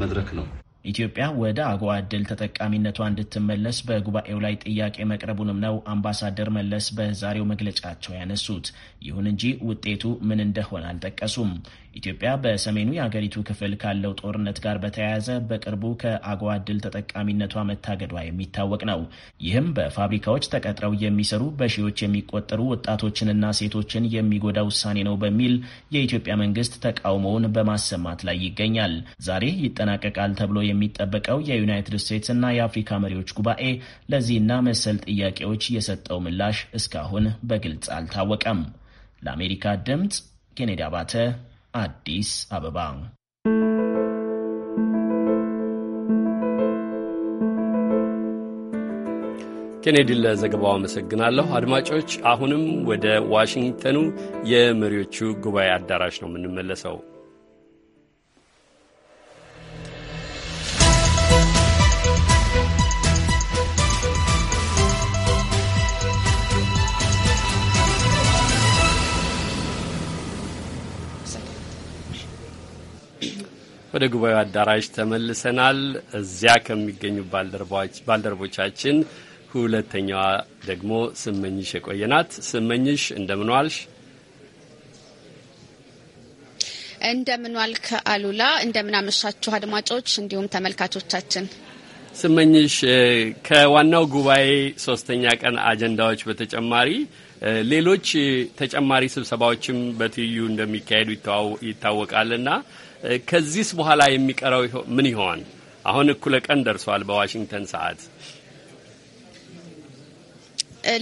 መድረክ ነው። ኢትዮጵያ ወደ አጎዋ እድል ተጠቃሚነቷ እንድትመለስ በጉባኤው ላይ ጥያቄ መቅረቡንም ነው አምባሳደር መለስ በዛሬው መግለጫቸው ያነሱት። ይሁን እንጂ ውጤቱ ምን እንደሆነ አልጠቀሱም። ኢትዮጵያ በሰሜኑ የአገሪቱ ክፍል ካለው ጦርነት ጋር በተያያዘ በቅርቡ ከአጎዋ ድል ተጠቃሚነቷ መታገዷ የሚታወቅ ነው። ይህም በፋብሪካዎች ተቀጥረው የሚሰሩ በሺዎች የሚቆጠሩ ወጣቶችንና ሴቶችን የሚጎዳ ውሳኔ ነው በሚል የኢትዮጵያ መንግስት ተቃውሞውን በማሰማት ላይ ይገኛል። ዛሬ ይጠናቀቃል ተብሎ የሚጠበቀው የዩናይትድ ስቴትስ እና የአፍሪካ መሪዎች ጉባኤ ለዚህና መሰል ጥያቄዎች የሰጠው ምላሽ እስካሁን በግልጽ አልታወቀም። ለአሜሪካ ድምፅ ኬኔዲ አባተ አዲስ አበባ። ኬኔዲ ለዘገባው አመሰግናለሁ። አድማጮች፣ አሁንም ወደ ዋሽንግተኑ የመሪዎቹ ጉባኤ አዳራሽ ነው የምንመለሰው። ወደ ጉባኤው አዳራሽ ተመልሰናል። እዚያ ከሚገኙ ባልደረቦቻችን ሁለተኛዋ ደግሞ ስመኝሽ የቆየናት። ስመኝሽ እንደምን ዋልሽ? አሉላ። ከአሉላ እንደምናመሻችሁ አድማጮች እንዲሁም ተመልካቾቻችን። ስመኝሽ ከዋናው ጉባኤ ሶስተኛ ቀን አጀንዳዎች በተጨማሪ ሌሎች ተጨማሪ ስብሰባዎችም በትይዩ እንደሚካሄዱ ይታወቃልና ከዚህስ በኋላ የሚቀረው ምን ይሆን? አሁን እኩለ ቀን ደርሷል በዋሽንግተን ሰዓት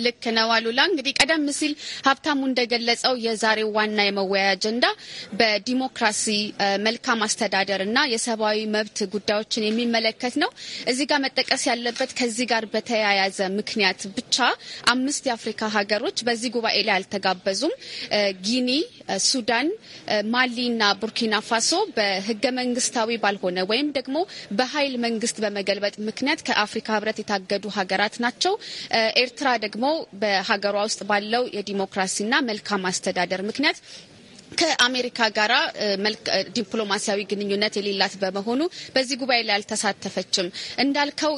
ልክ ነው አሉላ። እንግዲህ ቀደም ሲል ሀብታሙ እንደገለጸው የዛሬው ዋና የመወያያ አጀንዳ በዲሞክራሲ መልካም አስተዳደር እና የሰብአዊ መብት ጉዳዮችን የሚመለከት ነው። እዚህ ጋር መጠቀስ ያለበት ከዚህ ጋር በተያያዘ ምክንያት ብቻ አምስት የአፍሪካ ሀገሮች በዚህ ጉባኤ ላይ አልተጋበዙም። ጊኒ፣ ሱዳን፣ ማሊ እና ቡርኪና ፋሶ በህገ መንግስታዊ ባልሆነ ወይም ደግሞ በኃይል መንግስት በመገልበጥ ምክንያት ከአፍሪካ ህብረት የታገዱ ሀገራት ናቸው። ኤርትራ ደግሞ በሀገሯ ውስጥ ባለው የዲሞክራሲና መልካም አስተዳደር ምክንያት ከአሜሪካ ጋራ ዲፕሎማሲያዊ ግንኙነት የሌላት በመሆኑ በዚህ ጉባኤ ላይ አልተሳተፈችም። እንዳልከው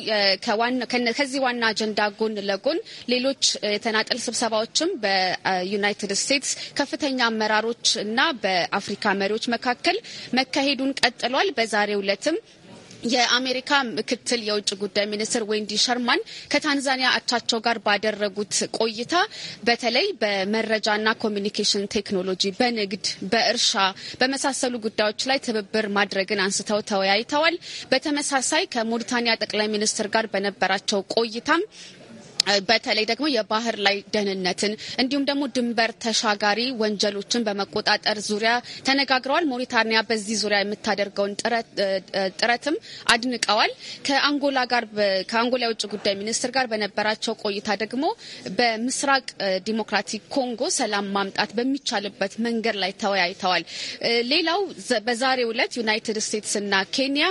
ከዚህ ዋና አጀንዳ ጎን ለጎን ሌሎች የተናጠል ስብሰባዎችም በዩናይትድ ስቴትስ ከፍተኛ አመራሮች እና በአፍሪካ መሪዎች መካከል መካሄዱን ቀጥሏል። በዛሬው ዕለትም የአሜሪካ ምክትል የውጭ ጉዳይ ሚኒስትር ዌንዲ ሸርማን ከታንዛኒያ አቻቸው ጋር ባደረጉት ቆይታ በተለይ በመረጃና ኮሚኒኬሽን ቴክኖሎጂ፣ በንግድ፣ በእርሻ በመሳሰሉ ጉዳዮች ላይ ትብብር ማድረግን አንስተው ተወያይተዋል። በተመሳሳይ ከሞሪታንያ ጠቅላይ ሚኒስትር ጋር በነበራቸው ቆይታም በተለይ ደግሞ የባህር ላይ ደህንነትን እንዲሁም ደግሞ ድንበር ተሻጋሪ ወንጀሎችን በመቆጣጠር ዙሪያ ተነጋግረዋል። ሞሪታኒያ በዚህ ዙሪያ የምታደርገውን ጥረትም አድንቀዋል። ከአንጎላ ጋር ከአንጎላ የውጭ ጉዳይ ሚኒስትር ጋር በነበራቸው ቆይታ ደግሞ በምስራቅ ዲሞክራቲክ ኮንጎ ሰላም ማምጣት በሚቻልበት መንገድ ላይ ተወያይተዋል። ሌላው በዛሬው ዕለት ዩናይትድ ስቴትስ እና ኬንያ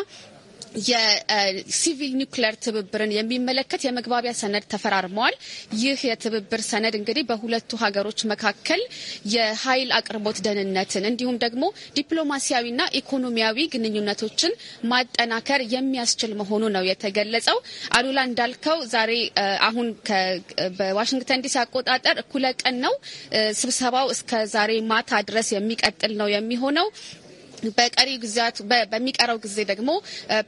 የሲቪል ኒውክሌር ትብብርን የሚመለከት የመግባቢያ ሰነድ ተፈራርመዋል። ይህ የትብብር ሰነድ እንግዲህ በሁለቱ ሀገሮች መካከል የኃይል አቅርቦት ደህንነትን እንዲሁም ደግሞ ዲፕሎማሲያዊና ኢኮኖሚያዊ ግንኙነቶችን ማጠናከር የሚያስችል መሆኑ ነው የተገለጸው። አሉላ እንዳልከው ዛሬ አሁን በዋሽንግተን ዲሲ አቆጣጠር እኩለ ቀን ነው። ስብሰባው እስከ ዛሬ ማታ ድረስ የሚቀጥል ነው የሚሆነው በቀሪ ጊዜያት በሚቀረው ጊዜ ደግሞ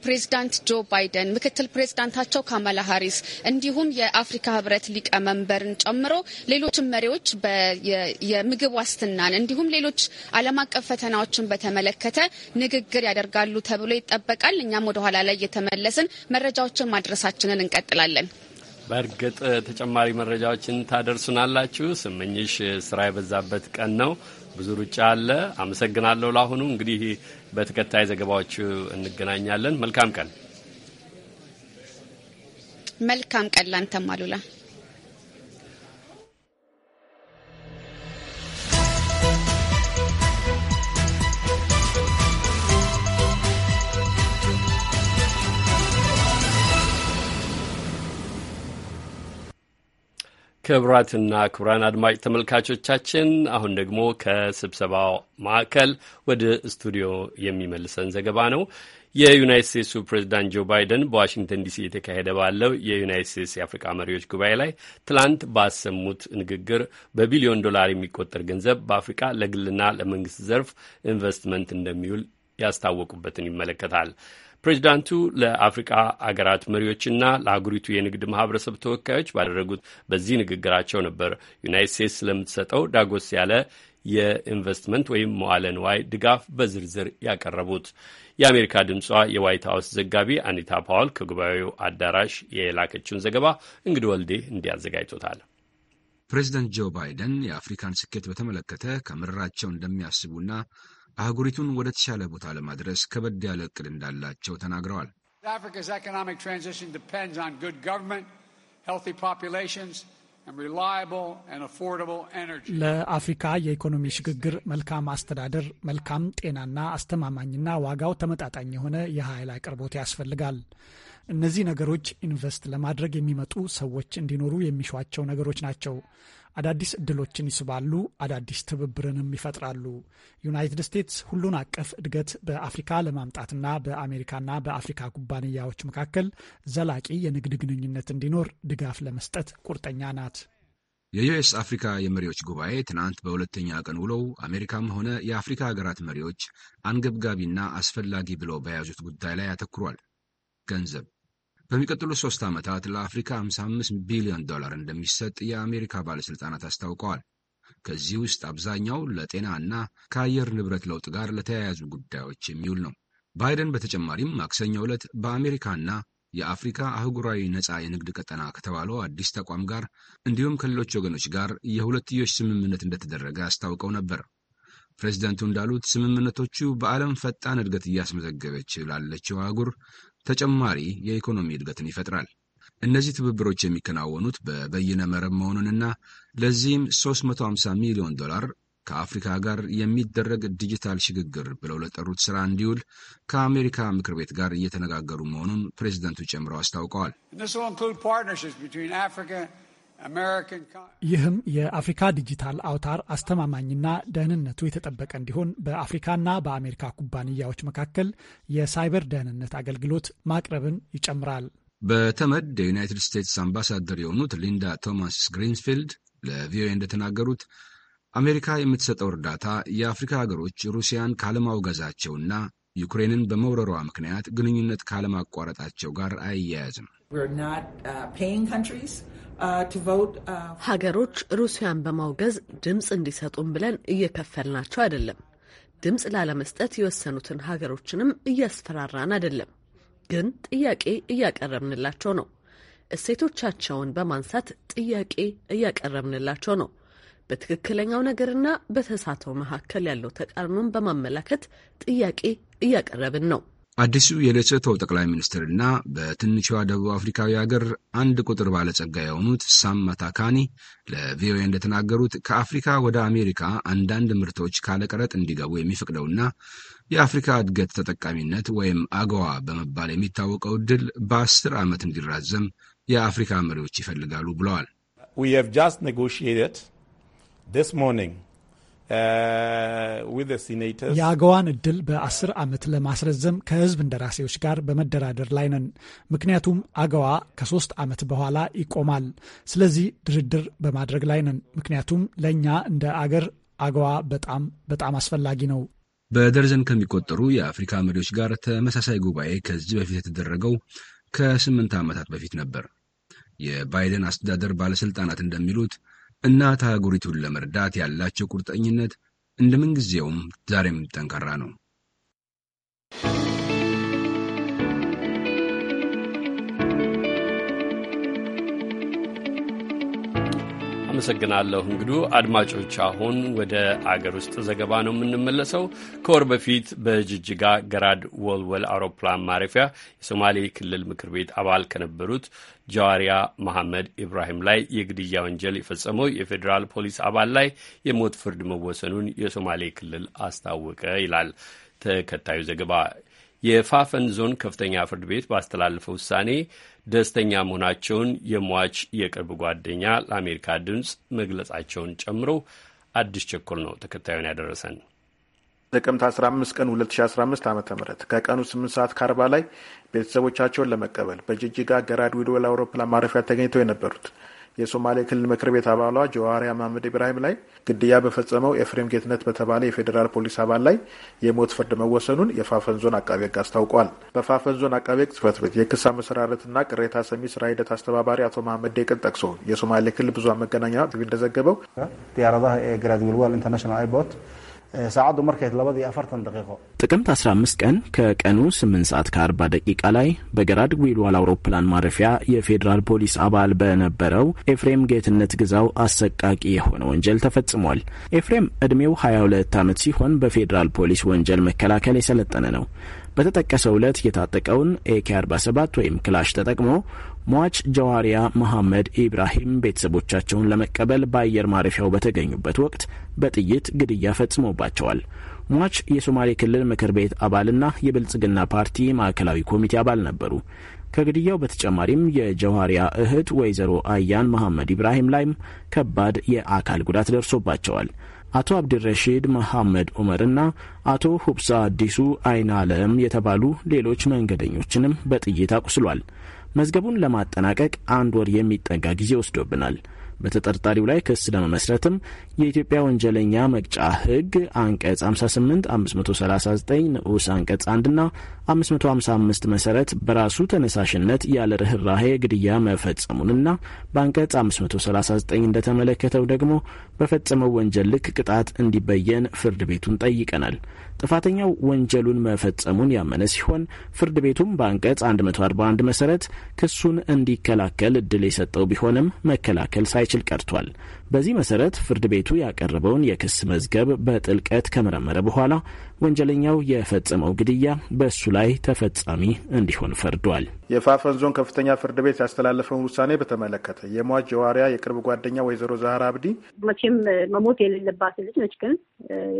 ፕሬዚዳንት ጆ ባይደን፣ ምክትል ፕሬዚዳንታቸው ካማላ ሀሪስ እንዲሁም የአፍሪካ ህብረት ሊቀመንበርን ጨምሮ ሌሎችም መሪዎች የምግብ ዋስትናን እንዲሁም ሌሎች ዓለም አቀፍ ፈተናዎችን በተመለከተ ንግግር ያደርጋሉ ተብሎ ይጠበቃል። እኛም ወደኋላ ላይ እየተመለስን መረጃዎችን ማድረሳችንን እንቀጥላለን። በእርግጥ ተጨማሪ መረጃዎችን ታደርሱናላችሁ። ስመኝሽ ስራ የበዛበት ቀን ነው። ብዙ ሩጫ አለ። አመሰግናለሁ። ለአሁኑ እንግዲህ በተከታይ ዘገባዎቹ እንገናኛለን። መልካም ቀን። መልካም ቀን ላንተም አሉላ። ክቡራትና ክቡራን አድማጭ ተመልካቾቻችን አሁን ደግሞ ከስብሰባው ማዕከል ወደ ስቱዲዮ የሚመልሰን ዘገባ ነው። የዩናይት ስቴትሱ ፕሬዚዳንት ጆ ባይደን በዋሽንግተን ዲሲ የተካሄደ ባለው የዩናይት ስቴትስ የአፍሪካ መሪዎች ጉባኤ ላይ ትላንት ባሰሙት ንግግር በቢሊዮን ዶላር የሚቆጠር ገንዘብ በአፍሪካ ለግልና ለመንግስት ዘርፍ ኢንቨስትመንት እንደሚውል ያስታወቁበትን ይመለከታል። ፕሬዚዳንቱ ለአፍሪቃ አገራት መሪዎችና ለአገሪቱ የንግድ ማህበረሰብ ተወካዮች ባደረጉት በዚህ ንግግራቸው ነበር ዩናይት ስቴትስ ስለምትሰጠው ዳጎስ ያለ የኢንቨስትመንት ወይም መዋለ ንዋይ ድጋፍ በዝርዝር ያቀረቡት። የአሜሪካ ድምጿ የዋይት ሀውስ ዘጋቢ አኒታ ፓውል ከጉባኤው አዳራሽ የላከችውን ዘገባ እንግዲ ወልዴ እንዲያዘጋጅቶታል። ፕሬዚደንት ጆ ባይደን የአፍሪካን ስኬት በተመለከተ ከምርራቸው እንደሚያስቡና አህጉሪቱን ወደ ተሻለ ቦታ ለማድረስ ከበድ ያለ እቅድ እንዳላቸው ተናግረዋል። ለአፍሪካ የኢኮኖሚ ሽግግር መልካም አስተዳደር፣ መልካም ጤናና አስተማማኝና ዋጋው ተመጣጣኝ የሆነ የኃይል አቅርቦት ያስፈልጋል። እነዚህ ነገሮች ኢንቨስት ለማድረግ የሚመጡ ሰዎች እንዲኖሩ የሚሿቸው ነገሮች ናቸው። አዳዲስ እድሎችን ይስባሉ፣ አዳዲስ ትብብርንም ይፈጥራሉ። ዩናይትድ ስቴትስ ሁሉን አቀፍ እድገት በአፍሪካ ለማምጣትና በአሜሪካና በአፍሪካ ኩባንያዎች መካከል ዘላቂ የንግድ ግንኙነት እንዲኖር ድጋፍ ለመስጠት ቁርጠኛ ናት። የዩኤስ አፍሪካ የመሪዎች ጉባኤ ትናንት በሁለተኛ ቀን ውለው አሜሪካም ሆነ የአፍሪካ ሀገራት መሪዎች አንገብጋቢና አስፈላጊ ብለው በያዙት ጉዳይ ላይ አተኩሯል። ገንዘብ በሚቀጥሉት ሶስት ዓመታት ለአፍሪካ 55 ቢሊዮን ዶላር እንደሚሰጥ የአሜሪካ ባለሥልጣናት አስታውቀዋል። ከዚህ ውስጥ አብዛኛው ለጤና እና ከአየር ንብረት ለውጥ ጋር ለተያያዙ ጉዳዮች የሚውል ነው። ባይደን በተጨማሪም ማክሰኞ ዕለት በአሜሪካና የአፍሪካ አህጉራዊ ነፃ የንግድ ቀጠና ከተባለው አዲስ ተቋም ጋር እንዲሁም ከሌሎች ወገኖች ጋር የሁለትዮሽ ስምምነት እንደተደረገ አስታውቀው ነበር። ፕሬዚደንቱ እንዳሉት ስምምነቶቹ በዓለም ፈጣን እድገት እያስመዘገበች ላለችው አህጉር ተጨማሪ የኢኮኖሚ እድገትን ይፈጥራል። እነዚህ ትብብሮች የሚከናወኑት በበይነ መረብ መሆኑንና ለዚህም 350 ሚሊዮን ዶላር ከአፍሪካ ጋር የሚደረግ ዲጂታል ሽግግር ብለው ለጠሩት ስራ እንዲውል ከአሜሪካ ምክር ቤት ጋር እየተነጋገሩ መሆኑን ፕሬዚደንቱ ጨምረው አስታውቀዋል። ይህም የአፍሪካ ዲጂታል አውታር አስተማማኝና ደህንነቱ የተጠበቀ እንዲሆን በአፍሪካና በአሜሪካ ኩባንያዎች መካከል የሳይበር ደህንነት አገልግሎት ማቅረብን ይጨምራል። በተመድ የዩናይትድ ስቴትስ አምባሳደር የሆኑት ሊንዳ ቶማስ ግሪንፊልድ ለቪኦኤ እንደተናገሩት አሜሪካ የምትሰጠው እርዳታ የአፍሪካ ሀገሮች ሩሲያን ካለማውገዛቸውና ዩክሬንን በመውረሯ ምክንያት ግንኙነት ካለማቋረጣቸው ጋር አያያዝም። Uh, uh, ሀገሮች ሩሲያን በማውገዝ ድምፅ እንዲሰጡን ብለን እየከፈልናቸው አይደለም። ድምፅ ላለመስጠት የወሰኑትን ሀገሮችንም እያስፈራራን አይደለም፣ ግን ጥያቄ እያቀረብንላቸው ነው። እሴቶቻቸውን በማንሳት ጥያቄ እያቀረብንላቸው ነው። በትክክለኛው ነገርና በተሳተው መካከል ያለው ተቃርኖን በማመላከት ጥያቄ እያቀረብን ነው። አዲሱ የሌሶቶ ጠቅላይ ሚኒስትርና በትንሿ ደቡብ አፍሪካዊ ሀገር አንድ ቁጥር ባለጸጋ የሆኑት ሳም ማታካኒ ለቪኦኤ እንደተናገሩት ከአፍሪካ ወደ አሜሪካ አንዳንድ ምርቶች ካለቀረጥ እንዲገቡ የሚፈቅደውና የአፍሪካ እድገት ተጠቃሚነት ወይም አገዋ በመባል የሚታወቀው ድል በአስር ዓመት እንዲራዘም የአፍሪካ መሪዎች ይፈልጋሉ ብለዋል። Uh, የአገዋን እድል በአስር ዓመት ለማስረዘም ከህዝብ እንደራሴዎች ጋር በመደራደር ላይ ነን። ምክንያቱም አገዋ ከሶስት ዓመት በኋላ ይቆማል። ስለዚህ ድርድር በማድረግ ላይ ነን። ምክንያቱም ለእኛ እንደ አገር አገዋ በጣም በጣም አስፈላጊ ነው። በደርዘን ከሚቆጠሩ የአፍሪካ መሪዎች ጋር ተመሳሳይ ጉባኤ ከዚህ በፊት የተደረገው ከስምንት ዓመታት በፊት ነበር። የባይደን አስተዳደር ባለሥልጣናት እንደሚሉት እናት አህጉሪቱን ለመርዳት ያላቸው ቁርጠኝነት እንደምንጊዜውም ዛሬም ጠንካራ ነው። አመሰግናለሁ እንግዱ። አድማጮች አሁን ወደ አገር ውስጥ ዘገባ ነው የምንመለሰው። ከወር በፊት በጅጅጋ ገራድ ወልወል አውሮፕላን ማረፊያ የሶማሌ ክልል ምክር ቤት አባል ከነበሩት ጃዋሪያ መሐመድ ኢብራሂም ላይ የግድያ ወንጀል የፈጸመው የፌዴራል ፖሊስ አባል ላይ የሞት ፍርድ መወሰኑን የሶማሌ ክልል አስታወቀ ይላል ተከታዩ ዘገባ። የፋፈን ዞን ከፍተኛ ፍርድ ቤት ባስተላለፈው ውሳኔ ደስተኛ መሆናቸውን የሟች የቅርብ ጓደኛ ለአሜሪካ ድምፅ መግለጻቸውን ጨምሮ አዲስ ቸኮል ነው ተከታዩን ያደረሰን። ጥቅምት 15 ቀን 2015 ዓ ም ከቀኑ 8 ሰዓት ከአርባ ላይ ቤተሰቦቻቸውን ለመቀበል በጅጅጋ ገራድ ዊዶላ አውሮፕላን ማረፊያ ተገኝተው የነበሩት የሶማሌ ክልል ምክር ቤት አባሏ ጀዋሪያ መሀመድ ኢብራሂም ላይ ግድያ በፈጸመው ኤፍሬም ጌትነት በተባለ የፌዴራል ፖሊስ አባል ላይ የሞት ፍርድ መወሰኑን የፋፈን ዞን አቃቤ ሕግ አስታውቋል። በፋፈን ዞን አቃቤ ሕግ ጽሕፈት ቤት የክስ አመሰራረትና ቅሬታ ሰሚ ስራ ሂደት አስተባባሪ አቶ መሀመድ ደቅን ጠቅሶ የሶማሌ ክልል ብዙሃን መገናኛ እንደዘገበው saacaddu markay labadii afartan daqiiqo ጥቅምት 15 ቀን ከቀኑ 8 ሰዓት ከ40 ደቂቃ ላይ በገራድ ዊልዋል አውሮፕላን ማረፊያ የፌዴራል ፖሊስ አባል በነበረው ኤፍሬም ጌትነት ግዛው አሰቃቂ የሆነ ወንጀል ተፈጽሟል። ኤፍሬም ዕድሜው 22 ዓመት ሲሆን በፌዴራል ፖሊስ ወንጀል መከላከል የሰለጠነ ነው። በተጠቀሰው ዕለት የታጠቀውን ኤኬ 47 ወይም ክላሽ ተጠቅሞ ሟች ጀዋሪያ መሐመድ ኢብራሂም ቤተሰቦቻቸውን ለመቀበል በአየር ማረፊያው በተገኙበት ወቅት በጥይት ግድያ ፈጽሞባቸዋል። ሟች የሶማሌ ክልል ምክር ቤት አባልና የብልጽግና ፓርቲ ማዕከላዊ ኮሚቴ አባል ነበሩ። ከግድያው በተጨማሪም የጀዋሪያ እህት ወይዘሮ አያን መሐመድ ኢብራሂም ላይም ከባድ የአካል ጉዳት ደርሶባቸዋል። አቶ አብድረሺድ መሐመድ ዑመር እና አቶ ሁብሳ አዲሱ አይናለም የተባሉ ሌሎች መንገደኞችንም በጥይት አቁስሏል። መዝገቡን ለማጠናቀቅ አንድ ወር የሚጠጋ ጊዜ ወስዶብናል። በተጠርጣሪው ላይ ክስ ለመመስረትም የኢትዮጵያ ወንጀለኛ መቅጫ ሕግ አንቀጽ 58፣ 539 ንዑስ አንቀጽ 1 ና 555 መሰረት በራሱ ተነሳሽነት ያለ ርኅራሄ ግድያ መፈጸሙንና በአንቀጽ 539 እንደተመለከተው ደግሞ በፈጸመው ወንጀል ልክ ቅጣት እንዲበየን ፍርድ ቤቱን ጠይቀናል። ጥፋተኛው ወንጀሉን መፈጸሙን ያመነ ሲሆን ፍርድ ቤቱም በአንቀጽ 141 መሰረት ክሱን እንዲከላከል እድል የሰጠው ቢሆንም መከላከል ሳይችል ቀርቷል። በዚህ መሰረት ፍርድ ቤቱ ያቀረበውን የክስ መዝገብ በጥልቀት ከመረመረ በኋላ ወንጀለኛው የፈጸመው ግድያ በእሱ ላይ ተፈጻሚ እንዲሆን ፈርዷል። የፋፈን ዞን ከፍተኛ ፍርድ ቤት ያስተላለፈውን ውሳኔ በተመለከተ የሟች ጀዋሪያ የቅርብ ጓደኛ ወይዘሮ ዛህራ አብዲ መቼም መሞት የሌለባት ልጅ ነች፣ ግን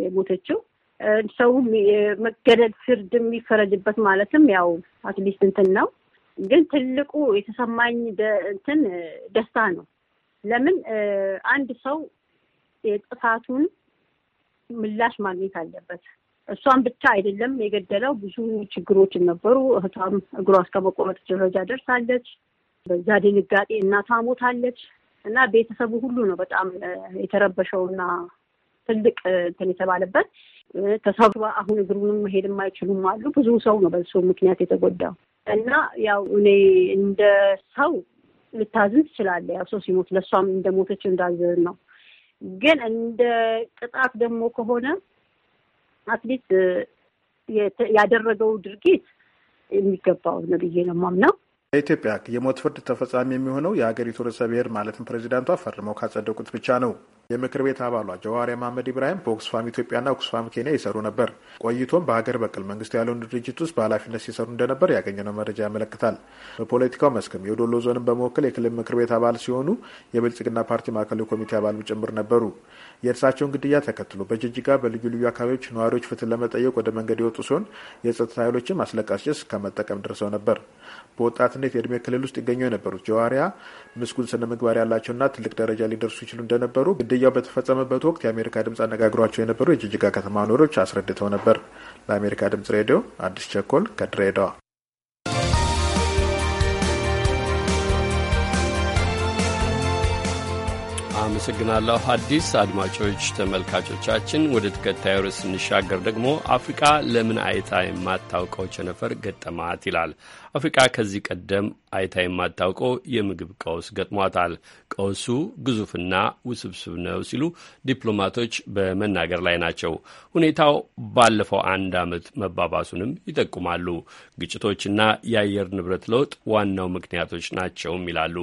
የሞተችው ሰው መገደል ፍርድ የሚፈረድበት ማለትም ያው አትሊስት እንትን ነው። ግን ትልቁ የተሰማኝ እንትን ደስታ ነው። ለምን አንድ ሰው የጥፋቱን ምላሽ ማግኘት አለበት። እሷን ብቻ አይደለም የገደለው። ብዙ ችግሮች ነበሩ። እህቷም እግሯ እስከ መቆመጥ ደረጃ ደርሳለች። በዛ ድንጋጤ እናቷ ሞታለች እና ቤተሰቡ ሁሉ ነው በጣም የተረበሸውና ትልቅ እንትን የተባለበት ተሰብሮ አሁን እግሩንም መሄድ የማይችሉም አሉ። ብዙ ሰው ነው በሱ ምክንያት የተጎዳው እና ያው እኔ እንደ ሰው ልታዝን ትችላለ። ያው ሰው ሲሞት ለእሷም እንደሞተች እንዳዘን ነው። ግን እንደ ቅጣት ደግሞ ከሆነ አትሊስት ያደረገው ድርጊት የሚገባው ነው ብዬ ነው የማምነው። በኢትዮጵያ የሞት ፍርድ ተፈጻሚ የሚሆነው የሀገሪቱ ርዕሰ ብሔር ማለትም ፕሬዚዳንቷ ፈርመው ካጸደቁት ብቻ ነው። የምክር ቤት አባሏ ጀዋሪ መሐመድ ኢብራሂም በኦክስፋም ኢትዮጵያና ኦክስፋም ኬንያ ይሰሩ ነበር። ቆይቶም በሀገር በቀል መንግስት ያለውን ድርጅት ውስጥ በኃላፊነት ሲሰሩ እንደነበር ያገኘነው መረጃ ያመለክታል። በፖለቲካው መስክም የዶሎ ዞንን በመወከል የክልል ምክር ቤት አባል ሲሆኑ የብልጽግና ፓርቲ ማዕከላዊ ኮሚቴ አባልም ጭምር ነበሩ። የእርሳቸውን ግድያ ተከትሎ በጅጅጋ በልዩ ልዩ አካባቢዎች ነዋሪዎች ፍትህ ለመጠየቅ ወደ መንገድ የወጡ ሲሆን የጸጥታ ኃይሎችም አስለቃሽ ጭስ ከመጠቀም ደርሰው ነበር። በወጣትነት የእድሜ ክልል ውስጥ ይገኙ የነበሩት ጀዋሪያ ምስጉን ስነ ምግባር ያላቸውና ትልቅ ደረጃ ሊደርሱ ይችሉ እንደነበሩ ግድያው በተፈጸመበት ወቅት የአሜሪካ ድምፅ አነጋግሯቸው የነበሩ የጅጅጋ ከተማ ኖሮች አስረድተው ነበር። ለአሜሪካ ድምፅ ሬዲዮ አዲስ ቸኮል ከድሬዳዋ አመሰግናለሁ አዲስ። አድማጮች፣ ተመልካቾቻችን ወደ ተከታዩ ርዕስ ስንሻገር ደግሞ አፍሪቃ ለምን አይታ የማታውቀው ቸነፈር ገጠማት ይላል። አፍሪቃ ከዚህ ቀደም አይታ የማታውቀው የምግብ ቀውስ ገጥሟታል። ቀውሱ ግዙፍና ውስብስብ ነው ሲሉ ዲፕሎማቶች በመናገር ላይ ናቸው። ሁኔታው ባለፈው አንድ ዓመት መባባሱንም ይጠቁማሉ። ግጭቶችና የአየር ንብረት ለውጥ ዋናው ምክንያቶች ናቸውም ይላሉ።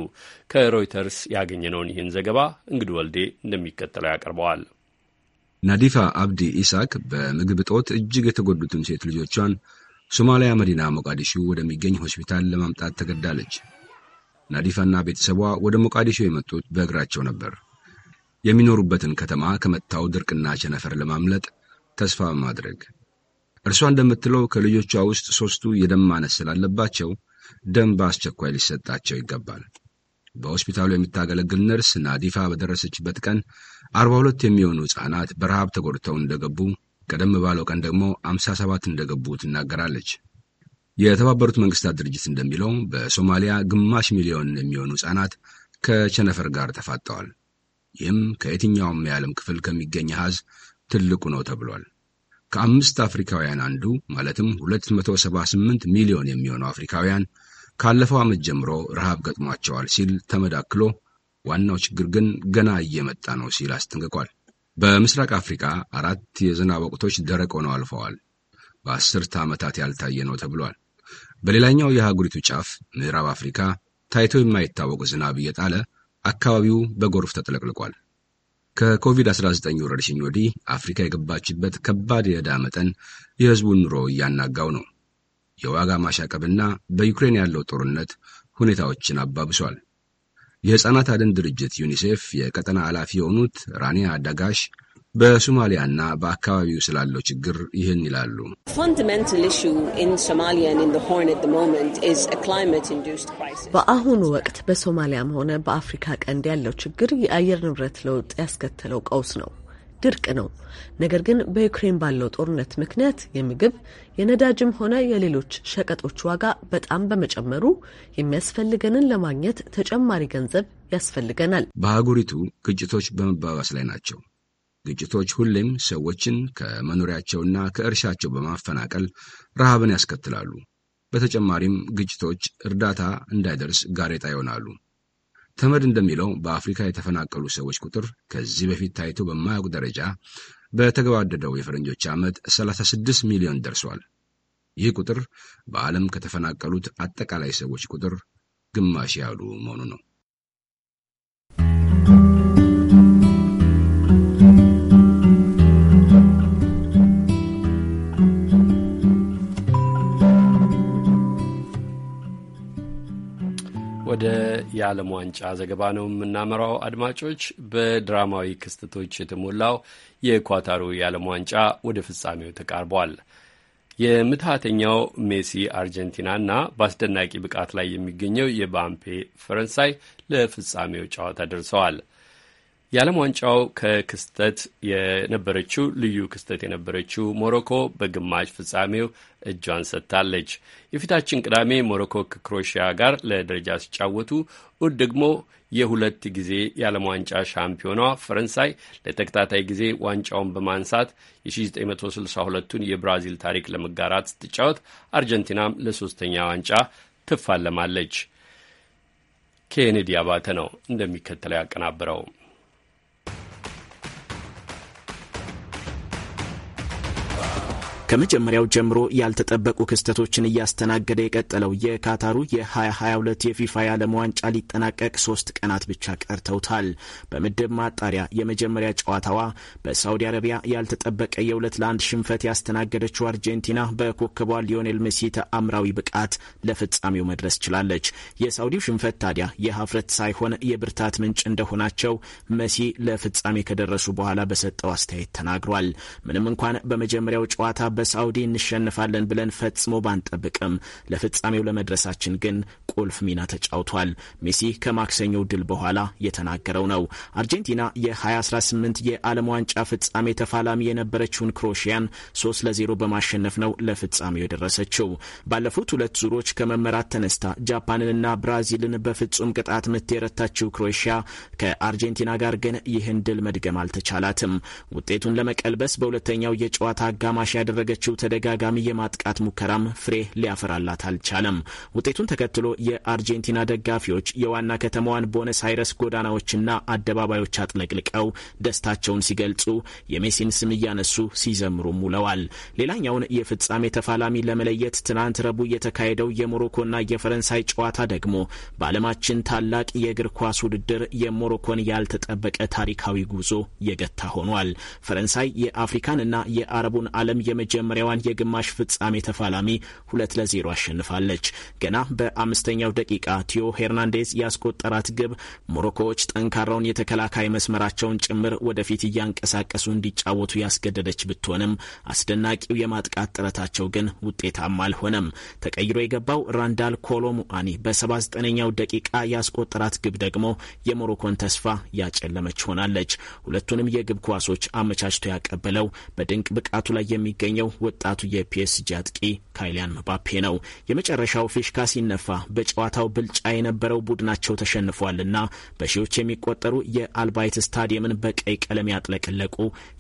ከሮይተርስ ያገኘነውን ይህን ዘገባ እንግድ ወልዴ እንደሚከተለው ያቀርበዋል። ናዲፋ አብዲ ኢሳክ በምግብ እጦት እጅግ የተጎዱትን ሴት ልጆቿን ሶማሊያ መዲና ሞቃዲሾ ወደሚገኝ ሆስፒታል ለማምጣት ተገዳለች። ናዲፋና ቤተሰቧ ወደ ሞቃዲሾ የመጡት በእግራቸው ነበር። የሚኖሩበትን ከተማ ከመታው ድርቅና ቸነፈር ለማምለጥ ተስፋ በማድረግ እርሷ እንደምትለው ከልጆቿ ውስጥ ሦስቱ የደም ማነስ ስላለባቸው ደም በአስቸኳይ ሊሰጣቸው ይገባል። በሆስፒታሉ የምታገለግል ነርስ ናዲፋ በደረሰችበት ቀን አርባ ሁለት የሚሆኑ ሕፃናት በረሃብ ተጎድተው እንደገቡ ቀደም ባለው ቀን ደግሞ 57 እንደገቡ ትናገራለች። የተባበሩት መንግስታት ድርጅት እንደሚለው በሶማሊያ ግማሽ ሚሊዮን የሚሆኑ ህጻናት ከቸነፈር ጋር ተፋጠዋል። ይህም ከየትኛውም የዓለም ክፍል ከሚገኝ አሃዝ ትልቁ ነው ተብሏል። ከአምስት አፍሪካውያን አንዱ ማለትም 278 ሚሊዮን የሚሆኑ አፍሪካውያን ካለፈው ዓመት ጀምሮ ረሃብ ገጥሟቸዋል ሲል ተመዳክሎ ዋናው ችግር ግን ገና እየመጣ ነው ሲል አስጠንቅቋል። በምስራቅ አፍሪካ አራት የዝናብ ወቅቶች ደረቅ ሆነው አልፈዋል። በአስርተ ዓመታት ያልታየ ነው ተብሏል። በሌላኛው የአህጉሪቱ ጫፍ ምዕራብ አፍሪካ ታይቶ የማይታወቅ ዝናብ እየጣለ አካባቢው በጎርፍ ተጥለቅልቋል። ከኮቪድ-19 ወረርሽኝ ወዲህ አፍሪካ የገባችበት ከባድ የዕዳ መጠን የሕዝቡን ኑሮ እያናጋው ነው። የዋጋ ማሻቀብና በዩክሬን ያለው ጦርነት ሁኔታዎችን አባብሷል። የሕፃናት አድን ድርጅት ዩኒሴፍ የቀጠና ኃላፊ የሆኑት ራኒያ አዳጋሽ በሶማሊያና በአካባቢው ስላለው ችግር ይህን ይላሉ። በአሁኑ ወቅት በሶማሊያም ሆነ በአፍሪካ ቀንድ ያለው ችግር የአየር ንብረት ለውጥ ያስከተለው ቀውስ ነው። ድርቅ ነው። ነገር ግን በዩክሬን ባለው ጦርነት ምክንያት የምግብ የነዳጅም ሆነ የሌሎች ሸቀጦች ዋጋ በጣም በመጨመሩ የሚያስፈልገንን ለማግኘት ተጨማሪ ገንዘብ ያስፈልገናል። በአህጉሪቱ ግጭቶች በመባባስ ላይ ናቸው። ግጭቶች ሁሌም ሰዎችን ከመኖሪያቸውና ከእርሻቸው በማፈናቀል ረሃብን ያስከትላሉ። በተጨማሪም ግጭቶች እርዳታ እንዳይደርስ ጋሬጣ ይሆናሉ። ተመድ እንደሚለው በአፍሪካ የተፈናቀሉ ሰዎች ቁጥር ከዚህ በፊት ታይቶ በማያውቅ ደረጃ በተገባደደው የፈረንጆች ዓመት 36 ሚሊዮን ደርሷል። ይህ ቁጥር በዓለም ከተፈናቀሉት አጠቃላይ ሰዎች ቁጥር ግማሽ ያሉ መሆኑ ነው። ወደ የዓለም ዋንጫ ዘገባ ነው የምናመራው። አድማጮች፣ በድራማዊ ክስተቶች የተሞላው የኳታሩ የዓለም ዋንጫ ወደ ፍጻሜው ተቃርቧል። የምትሃተኛው ሜሲ አርጀንቲናና በአስደናቂ ብቃት ላይ የሚገኘው የባምፔ ፈረንሳይ ለፍጻሜው ጨዋታ ደርሰዋል። የዓለም ዋንጫው ከክስተት የነበረችው ልዩ ክስተት የነበረችው ሞሮኮ በግማሽ ፍጻሜው እጇን ሰጥታለች። የፊታችን ቅዳሜ ሞሮኮ ከክሮሽያ ጋር ለደረጃ ሲጫወቱ እሁድ ደግሞ የሁለት ጊዜ የዓለም ዋንጫ ሻምፒዮኗ ፈረንሳይ ለተከታታይ ጊዜ ዋንጫውን በማንሳት የ1962ቱን የብራዚል ታሪክ ለመጋራት ስትጫወት፣ አርጀንቲናም ለሶስተኛ ዋንጫ ትፋለማለች። ኬኔዲ አባተ ነው እንደሚከተለው ያቀናብረው። ከመጀመሪያው ጀምሮ ያልተጠበቁ ክስተቶችን እያስተናገደ የቀጠለው የካታሩ የ2022 የፊፋ የዓለም ዋንጫ ሊጠናቀቅ ሶስት ቀናት ብቻ ቀርተውታል። በምድብ ማጣሪያ የመጀመሪያ ጨዋታዋ በሳውዲ አረቢያ ያልተጠበቀ የሁለት ለአንድ ሽንፈት ያስተናገደችው አርጀንቲና በኮከቧ ሊዮኔል ሜሲ ተአምራዊ ብቃት ለፍጻሜው መድረስ ችላለች። የሳውዲው ሽንፈት ታዲያ የሀፍረት ሳይሆን የብርታት ምንጭ እንደሆናቸው መሲ ለፍጻሜ ከደረሱ በኋላ በሰጠው አስተያየት ተናግሯል። ምንም እንኳን በመጀመሪያው ጨዋታ በሳውዲ እንሸንፋለን ብለን ፈጽሞ ባንጠብቅም ለፍጻሜው ለመድረሳችን ግን ቁልፍ ሚና ተጫውቷል። ሜሲ ከማክሰኞው ድል በኋላ የተናገረው ነው። አርጀንቲና የ2018 የዓለም ዋንጫ ፍጻሜ ተፋላሚ የነበረችውን ክሮሽያን 3 ለ0 በማሸነፍ ነው ለፍጻሜው የደረሰችው። ባለፉት ሁለት ዙሮች ከመመራት ተነስታ ጃፓንንና ብራዚልን በፍጹም ቅጣት ምት የረታችው ከአርጀንቲና ጋር ግን ይህን ድል መድገም አልተቻላትም። ውጤቱን ለመቀልበስ በሁለተኛው የጨዋታ አጋማሽ ያደረገ ያደረገችው ተደጋጋሚ የማጥቃት ሙከራም ፍሬ ሊያፈራላት አልቻለም። ውጤቱን ተከትሎ የአርጀንቲና ደጋፊዎች የዋና ከተማዋን ቦነስ አይረስ ጎዳናዎችና አደባባዮች አጥለቅልቀው ደስታቸውን ሲገልጹ የሜሲን ስም እያነሱ ሲዘምሩም ውለዋል። ሌላኛውን የፍጻሜ ተፋላሚ ለመለየት ትናንት ረቡዕ የተካሄደው የሞሮኮና የፈረንሳይ ጨዋታ ደግሞ በዓለማችን ታላቅ የእግር ኳስ ውድድር የሞሮኮን ያልተጠበቀ ታሪካዊ ጉዞ የገታ ሆኗል። ፈረንሳይ የአፍሪካንና የአረቡን ዓለም የመጀ የመጀመሪያዋን የግማሽ ፍጻሜ ተፋላሚ ሁለት ለዜሮ አሸንፋለች። ገና በአምስተኛው ደቂቃ ቲዮ ሄርናንዴዝ ያስቆጠራት ግብ ሞሮኮዎች ጠንካራውን የተከላካይ መስመራቸውን ጭምር ወደፊት እያንቀሳቀሱ እንዲጫወቱ ያስገደደች ብትሆንም አስደናቂው የማጥቃት ጥረታቸው ግን ውጤታማ አልሆነም። ተቀይሮ የገባው ራንዳል ኮሎሙአኒ በ79ኛው ደቂቃ ያስቆጠራት ግብ ደግሞ የሞሮኮን ተስፋ ያጨለመች ሆናለች። ሁለቱንም የግብ ኳሶች አመቻችቶ ያቀበለው በድንቅ ብቃቱ ላይ የሚገኘው ያለው ወጣቱ የፒኤስጂ አጥቂ ካይሊያን መባፔ ነው። የመጨረሻው ፊሽካ ሲነፋ በጨዋታው ብልጫ የነበረው ቡድናቸው ተሸንፏልና በሺዎች የሚቆጠሩ የአልባይት ስታዲየምን በቀይ ቀለም ያጥለቀለቁ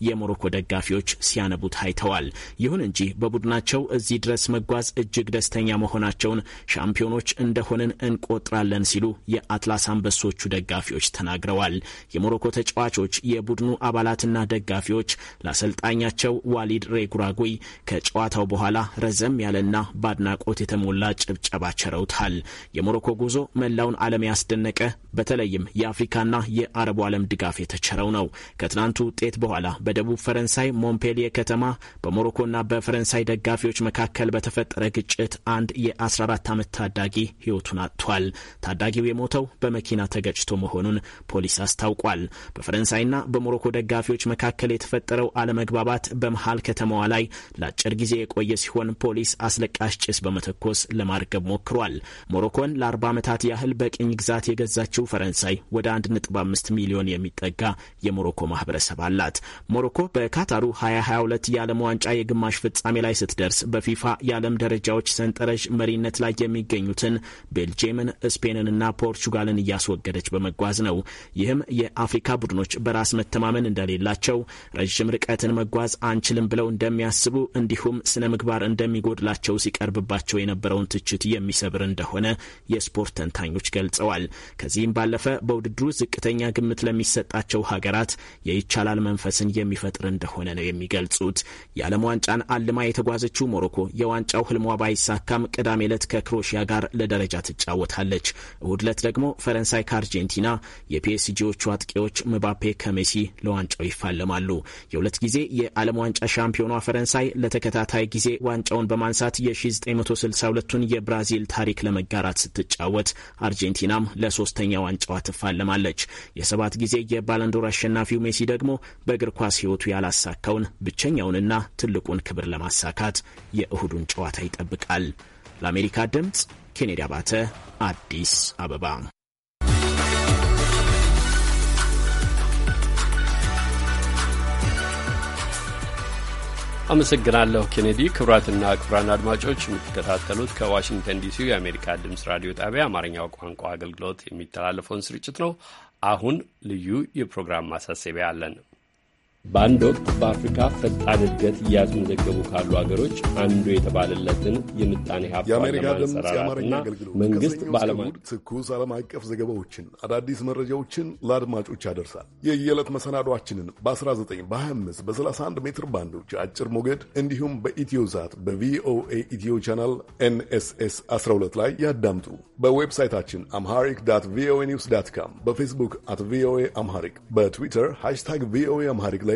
የሞሮኮ ደጋፊዎች ሲያነቡ ታይተዋል። ይሁን እንጂ በቡድናቸው እዚህ ድረስ መጓዝ እጅግ ደስተኛ መሆናቸውን ሻምፒዮኖች እንደሆንን እንቆጥራለን ሲሉ የአትላስ አንበሶቹ ደጋፊዎች ተናግረዋል። የሞሮኮ ተጫዋቾች፣ የቡድኑ አባላትና ደጋፊዎች ለአሰልጣኛቸው ዋሊድ ሬጉራጉይ ከጨዋታው በኋላ ረዘም ያለና በአድናቆት የተሞላ ጭብጨባ ቸረውታል። የሞሮኮ ጉዞ መላውን ዓለም ያስደነቀ በተለይም የአፍሪካና የአረቡ ዓለም ድጋፍ የተቸረው ነው። ከትናንቱ ውጤት በኋላ በደቡብ ፈረንሳይ ሞምፔሊየ ከተማ በሞሮኮና በፈረንሳይ ደጋፊዎች መካከል በተፈጠረ ግጭት አንድ የ14 ዓመት ታዳጊ ሕይወቱን አጥቷል። ታዳጊው የሞተው በመኪና ተገጭቶ መሆኑን ፖሊስ አስታውቋል። በፈረንሳይና በሞሮኮ ደጋፊዎች መካከል የተፈጠረው አለመግባባት በመሃል ከተማዋ ላይ ለአጭር ጊዜ የቆየ ሲሆን ፖሊስ አስለቃሽ ጭስ በመተኮስ ለማርገብ ሞክሯል። ሞሮኮን ለ40 ዓመታት ያህል በቅኝ ግዛት የገዛችው ፈረንሳይ ወደ 1.5 ሚሊዮን የሚጠጋ የሞሮኮ ማህበረሰብ አላት። ሞሮኮ በካታሩ 2022 የዓለም ዋንጫ የግማሽ ፍጻሜ ላይ ስትደርስ በፊፋ የዓለም ደረጃዎች ሰንጠረዥ መሪነት ላይ የሚገኙትን ቤልጅየምን፣ ስፔንንና ፖርቹጋልን እያስወገደች በመጓዝ ነው። ይህም የአፍሪካ ቡድኖች በራስ መተማመን እንደሌላቸው፣ ረዥም ርቀትን መጓዝ አንችልም ብለው እንደሚያስቡ እንዲሁም ስነ ምግባር እንደሚጎድላቸው ሲቀርብባቸው የነበረውን ትችት የሚሰብር እንደሆነ የስፖርት ተንታኞች ገልጸዋል። ከዚህም ባለፈ በውድድሩ ዝቅተኛ ግምት ለሚሰጣቸው ሀገራት የይቻላል መንፈስን የሚፈጥር እንደሆነ ነው የሚገልጹት። የዓለም ዋንጫን አልማ የተጓዘችው ሞሮኮ የዋንጫው ህልሟ ባይሳካም ቅዳሜ ዕለት ከክሮሺያ ጋር ለደረጃ ትጫወታለች። እሁድ ዕለት ደግሞ ፈረንሳይ ከአርጀንቲና፣ የፒኤስጂዎቹ አጥቂዎች ምባፔ ከሜሲ ለዋንጫው ይፋለማሉ። የሁለት ጊዜ የዓለም ዋንጫ ሻምፒዮኗ ፈረንሳይ መሳይ ለተከታታይ ጊዜ ዋንጫውን በማንሳት የ1962ቱን የብራዚል ታሪክ ለመጋራት ስትጫወት አርጀንቲናም ለሶስተኛ ዋንጫዋ ትፋለማለች። የሰባት ጊዜ የባለንዶር አሸናፊው ሜሲ ደግሞ በእግር ኳስ ሕይወቱ ያላሳካውን ብቸኛውንና ትልቁን ክብር ለማሳካት የእሁዱን ጨዋታ ይጠብቃል። ለአሜሪካ ድምፅ ኬኔዲ አባተ አዲስ አበባ አመሰግናለሁ ኬኔዲ። ክቡራትና ክቡራን አድማጮች የምትከታተሉት ከዋሽንግተን ዲሲ የአሜሪካ ድምፅ ራዲዮ ጣቢያ አማርኛው ቋንቋ አገልግሎት የሚተላለፈውን ስርጭት ነው። አሁን ልዩ የፕሮግራም ማሳሰቢያ አለን። በአንድ ወቅት በአፍሪካ ፈጣን እድገት እያስመዘገቡ ካሉ አገሮች አንዱ የተባለለትን የምጣኔ ሀብት የአሜሪካ ድምፅ የአማርኛ አገልግሎት መንግስት በዓለም ትኩስ ዓለም አቀፍ ዘገባዎችን፣ አዳዲስ መረጃዎችን ለአድማጮች ያደርሳል። የየዕለት መሰናዷችንን በ19 በ25 በ31 ሜትር ባንዶች አጭር ሞገድ እንዲሁም በኢትዮ ዛት በቪኦኤ ኢትዮ ቻናል ኤንኤስኤስ 12 ላይ ያዳምጡ። በዌብሳይታችን አምሃሪክ ዳት ቪኦኤ ኒውስ ዳት ካም፣ በፌስቡክ አት ቪኦኤ አምሃሪክ፣ በትዊተር ሃሽታግ ቪኦኤ አምሃሪክ ላይ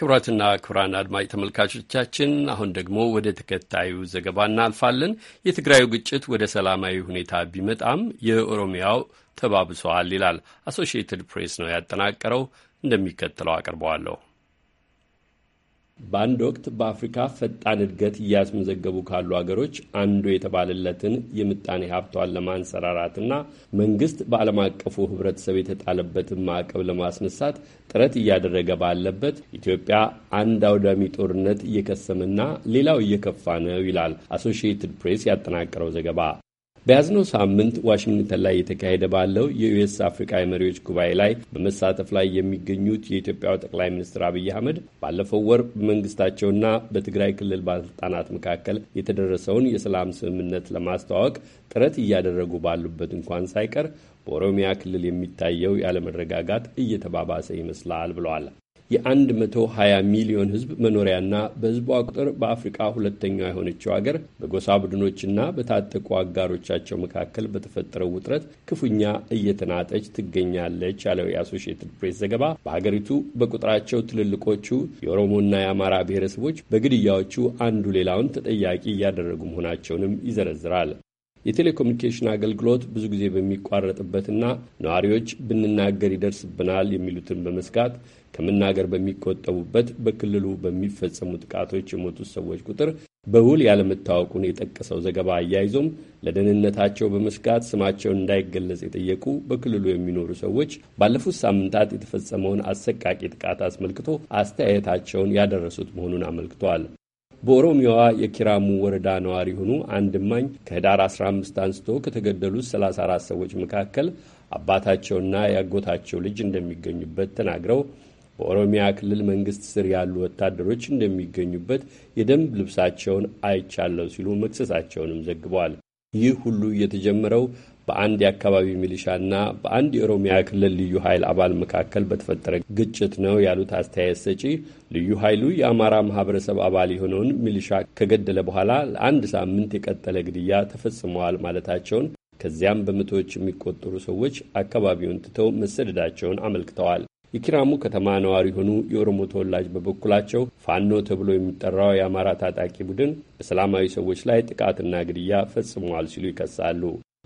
ክቡራትና ክቡራን አድማጭ ተመልካቾቻችን አሁን ደግሞ ወደ ተከታዩ ዘገባ እናልፋለን። የትግራዩ ግጭት ወደ ሰላማዊ ሁኔታ ቢመጣም የኦሮሚያው ተባብሰዋል ይላል አሶሺየትድ ፕሬስ ነው ያጠናቀረው። እንደሚከተለው አቅርበዋለሁ። በአንድ ወቅት በአፍሪካ ፈጣን እድገት እያስመዘገቡ ካሉ አገሮች አንዱ የተባለለትን የምጣኔ ሀብቷን ለማንሰራራትና መንግስት በዓለም አቀፉ ህብረተሰብ የተጣለበትን ማዕቀብ ለማስነሳት ጥረት እያደረገ ባለበት ኢትዮጵያ አንድ አውዳሚ ጦርነት እየከሰመና ሌላው እየከፋ ነው ይላል አሶሺየትድ ፕሬስ ያጠናቀረው ዘገባ። በያዝነው ሳምንት ዋሽንግተን ላይ የተካሄደ ባለው የዩኤስ አፍሪካ የመሪዎች ጉባኤ ላይ በመሳተፍ ላይ የሚገኙት የኢትዮጵያው ጠቅላይ ሚኒስትር አብይ አህመድ ባለፈው ወር በመንግስታቸውና በትግራይ ክልል ባለስልጣናት መካከል የተደረሰውን የሰላም ስምምነት ለማስተዋወቅ ጥረት እያደረጉ ባሉበት እንኳን ሳይቀር በኦሮሚያ ክልል የሚታየው ያለመረጋጋት እየተባባሰ ይመስላል ብለዋል። የ120 ሚሊዮን ህዝብ መኖሪያና በህዝቧ ቁጥር በአፍሪቃ ሁለተኛዋ የሆነችው አገር በጎሳ ቡድኖችና በታጠቁ አጋሮቻቸው መካከል በተፈጠረው ውጥረት ክፉኛ እየተናጠች ትገኛለች ያለው የአሶሺየትድ ፕሬስ ዘገባ በሀገሪቱ በቁጥራቸው ትልልቆቹ የኦሮሞና የአማራ ብሔረሰቦች በግድያዎቹ አንዱ ሌላውን ተጠያቂ እያደረጉ መሆናቸውንም ይዘረዝራል። የቴሌኮሙኒኬሽን አገልግሎት ብዙ ጊዜ በሚቋረጥበትና ነዋሪዎች ብንናገር ይደርስብናል የሚሉትን በመስጋት ከመናገር በሚቆጠቡበት በክልሉ በሚፈጸሙ ጥቃቶች የሞቱት ሰዎች ቁጥር በውል ያለመታወቁን የጠቀሰው ዘገባ አያይዞም ለደህንነታቸው በመስጋት ስማቸውን እንዳይገለጽ የጠየቁ በክልሉ የሚኖሩ ሰዎች ባለፉት ሳምንታት የተፈጸመውን አሰቃቂ ጥቃት አስመልክቶ አስተያየታቸውን ያደረሱት መሆኑን አመልክተዋል። በኦሮሚያዋ የኪራሙ ወረዳ ነዋሪ የሆኑ አንድ እማኝ ከህዳር 15 አንስቶ ከተገደሉት 34 ሰዎች መካከል አባታቸውና ያጎታቸው ልጅ እንደሚገኙበት ተናግረው በኦሮሚያ ክልል መንግስት ስር ያሉ ወታደሮች እንደሚገኙበት የደንብ ልብሳቸውን አይቻለሁ ሲሉ መክሰሳቸውንም ዘግበዋል። ይህ ሁሉ የተጀመረው በአንድ የአካባቢ ሚሊሻና በአንድ የኦሮሚያ ክልል ልዩ ኃይል አባል መካከል በተፈጠረ ግጭት ነው ያሉት አስተያየት ሰጪ ልዩ ኃይሉ የአማራ ማህበረሰብ አባል የሆነውን ሚሊሻ ከገደለ በኋላ ለአንድ ሳምንት የቀጠለ ግድያ ተፈጽመዋል ማለታቸውን፣ ከዚያም በመቶዎች የሚቆጠሩ ሰዎች አካባቢውን ትተው መሰደዳቸውን አመልክተዋል። የኪራሙ ከተማ ነዋሪ የሆኑ የኦሮሞ ተወላጅ በበኩላቸው ፋኖ ተብሎ የሚጠራው የአማራ ታጣቂ ቡድን በሰላማዊ ሰዎች ላይ ጥቃትና ግድያ ፈጽመዋል ሲሉ ይከሳሉ።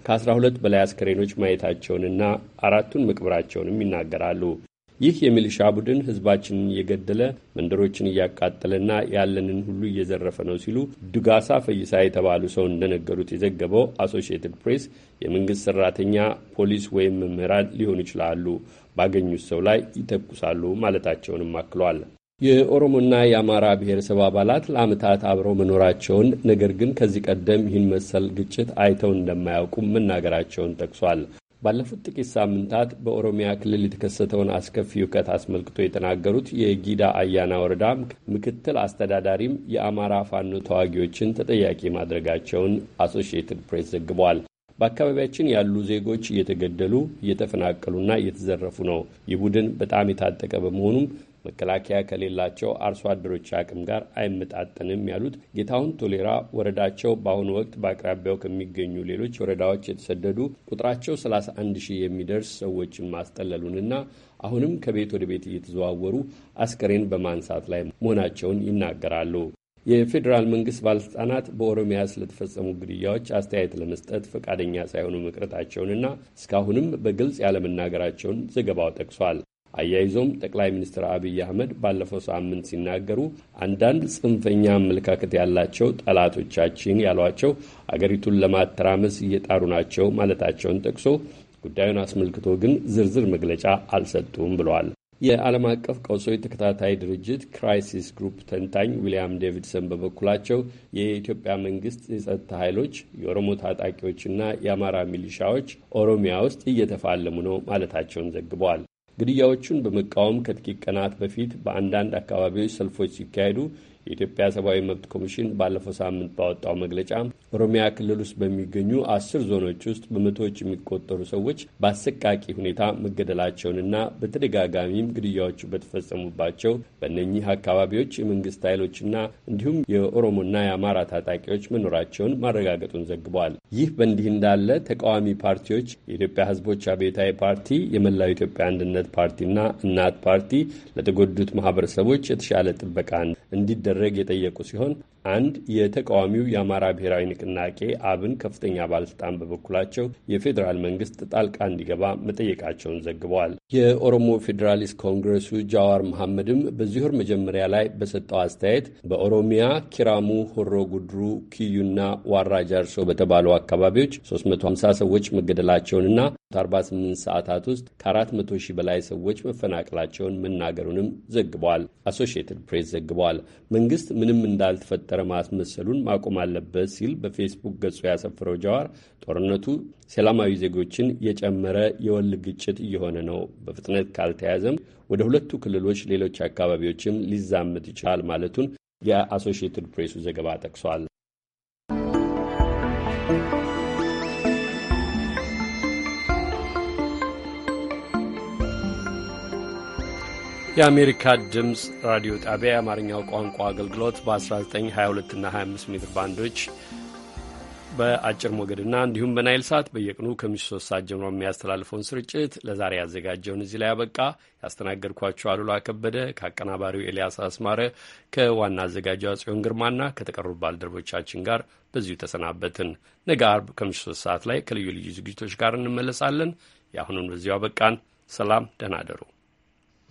ከአስራ ሁለት በላይ አስከሬኖች ማየታቸውንና አራቱን መቅበራቸውንም ይናገራሉ። ይህ የሚሊሻ ቡድን ህዝባችንን እየገደለ መንደሮችን እያቃጠለና ያለንን ሁሉ እየዘረፈ ነው ሲሉ ዱጋሳ ፈይሳ የተባሉ ሰው እንደነገሩት የዘገበው አሶሺየትድ ፕሬስ የመንግሥት ሠራተኛ፣ ፖሊስ ወይም መምህራን ሊሆኑ ይችላሉ፣ ባገኙት ሰው ላይ ይተኩሳሉ ማለታቸውንም አክሏል። የኦሮሞና የአማራ ብሔረሰብ አባላት ለአመታት አብረው መኖራቸውን ነገር ግን ከዚህ ቀደም ይህን መሰል ግጭት አይተው እንደማያውቁም መናገራቸውን ጠቅሷል። ባለፉት ጥቂት ሳምንታት በኦሮሚያ ክልል የተከሰተውን አስከፊ እውቀት አስመልክቶ የተናገሩት የጊዳ አያና ወረዳ ምክትል አስተዳዳሪም የአማራ ፋኖ ተዋጊዎችን ተጠያቂ ማድረጋቸውን አሶሺየትድ ፕሬስ ዘግቧል። በአካባቢያችን ያሉ ዜጎች እየተገደሉ እየተፈናቀሉና እየተዘረፉ ነው። ይህ ቡድን በጣም የታጠቀ በመሆኑም መከላከያ ከሌላቸው አርሶ አደሮች አቅም ጋር አይመጣጠንም ያሉት ጌታሁን ቶሌራ ወረዳቸው በአሁኑ ወቅት በአቅራቢያው ከሚገኙ ሌሎች ወረዳዎች የተሰደዱ ቁጥራቸው 31 ሺህ የሚደርስ ሰዎችን ማስጠለሉንና አሁንም ከቤት ወደ ቤት እየተዘዋወሩ አስከሬን በማንሳት ላይ መሆናቸውን ይናገራሉ። የፌዴራል መንግስት ባለስልጣናት በኦሮሚያ ስለተፈጸሙ ግድያዎች አስተያየት ለመስጠት ፈቃደኛ ሳይሆኑ መቅረታቸውንና እስካሁንም በግልጽ ያለመናገራቸውን ዘገባው ጠቅሷል። አያይዞም ጠቅላይ ሚኒስትር አብይ አህመድ ባለፈው ሳምንት ሲናገሩ አንዳንድ ጽንፈኛ አመለካከት ያላቸው ጠላቶቻችን ያሏቸው አገሪቱን ለማተራመስ እየጣሩ ናቸው ማለታቸውን ጠቅሶ ጉዳዩን አስመልክቶ ግን ዝርዝር መግለጫ አልሰጡም ብለዋል። የዓለም አቀፍ ቀውሶች ተከታታይ ድርጅት ክራይሲስ ግሩፕ ተንታኝ ዊልያም ዴቪድሰን በበኩላቸው የኢትዮጵያ መንግስት የጸጥታ ኃይሎች የኦሮሞ ታጣቂዎችና የአማራ ሚሊሻዎች ኦሮሚያ ውስጥ እየተፋለሙ ነው ማለታቸውን ዘግበዋል። ግድያዎቹን በመቃወም ከጥቂት ቀናት በፊት በአንዳንድ አካባቢዎች ሰልፎች ሲካሄዱ የኢትዮጵያ ሰብአዊ መብት ኮሚሽን ባለፈው ሳምንት ባወጣው መግለጫ ኦሮሚያ ክልል ውስጥ በሚገኙ አስር ዞኖች ውስጥ በመቶዎች የሚቆጠሩ ሰዎች በአሰቃቂ ሁኔታ መገደላቸውንና በተደጋጋሚም ግድያዎቹ በተፈጸሙባቸው በእነኚህ አካባቢዎች የመንግስት ኃይሎችና እንዲሁም የኦሮሞና የአማራ ታጣቂዎች መኖራቸውን ማረጋገጡን ዘግቧል። ይህ በእንዲህ እንዳለ ተቃዋሚ ፓርቲዎች የኢትዮጵያ ሕዝቦች አብዮታዊ ፓርቲ፣ የመላው ኢትዮጵያ አንድነት ፓርቲና እናት ፓርቲ ለተጎዱት ማህበረሰቦች የተሻለ ጥበቃ እንዲደረግ እንዲደረግ የጠየቁ ሲሆን አንድ የተቃዋሚው የአማራ ብሔራዊ ንቅናቄ አብን ከፍተኛ ባለስልጣን በበኩላቸው የፌዴራል መንግስት ጣልቃ እንዲገባ መጠየቃቸውን ዘግበዋል። የኦሮሞ ፌዴራሊስት ኮንግረሱ ጃዋር መሐመድም በዚህ ወር መጀመሪያ ላይ በሰጠው አስተያየት በኦሮሚያ ኪራሙ፣ ሆሮ ጉድሩ፣ ኪዩና ዋራ ጃርሶ በተባሉ አካባቢዎች 350 ሰዎች መገደላቸውንና 48 ሰዓታት ውስጥ ከ400 ሺህ በላይ ሰዎች መፈናቀላቸውን መናገሩንም ዘግቧል። አሶሺየትድ ፕሬስ ዘግቧል። መንግስት ምንም እንዳልተፈጠረ ማስመሰሉን ማቆም አለበት ሲል በፌስቡክ ገጹ ያሰፈረው ጃዋር ጦርነቱ ሰላማዊ ዜጎችን የጨመረ የወል ግጭት እየሆነ ነው፣ በፍጥነት ካልተያዘም ወደ ሁለቱ ክልሎች ሌሎች አካባቢዎችም ሊዛመት ይችላል ማለቱን የአሶሺየትድ ፕሬሱ ዘገባ ጠቅሷል። የአሜሪካ ድምፅ ራዲዮ ጣቢያ የአማርኛው ቋንቋ አገልግሎት በ1922 እና 25 ሜትር ባንዶች በአጭር ሞገድና እንዲሁም በናይል ሰዓት በየቀኑ ከምሽቱ ሶስት ሰዓት ጀምሮ የሚያስተላልፈውን ስርጭት ለዛሬ ያዘጋጀውን እዚህ ላይ ያበቃ። ያስተናገድኳቸው አሉላ ከበደ ከአቀናባሪው ኤልያስ አስማረ ከዋና አዘጋጇ ጽዮን ግርማና ከተቀሩ ባልደረቦቻችን ጋር በዚሁ ተሰናበትን። ነገ አርብ ከምሽቱ ሶስት ሰዓት ላይ ከልዩ ልዩ ዝግጅቶች ጋር እንመለሳለን። የአሁኑን በዚሁ አበቃን። ሰላም፣ ደህና አደሩ።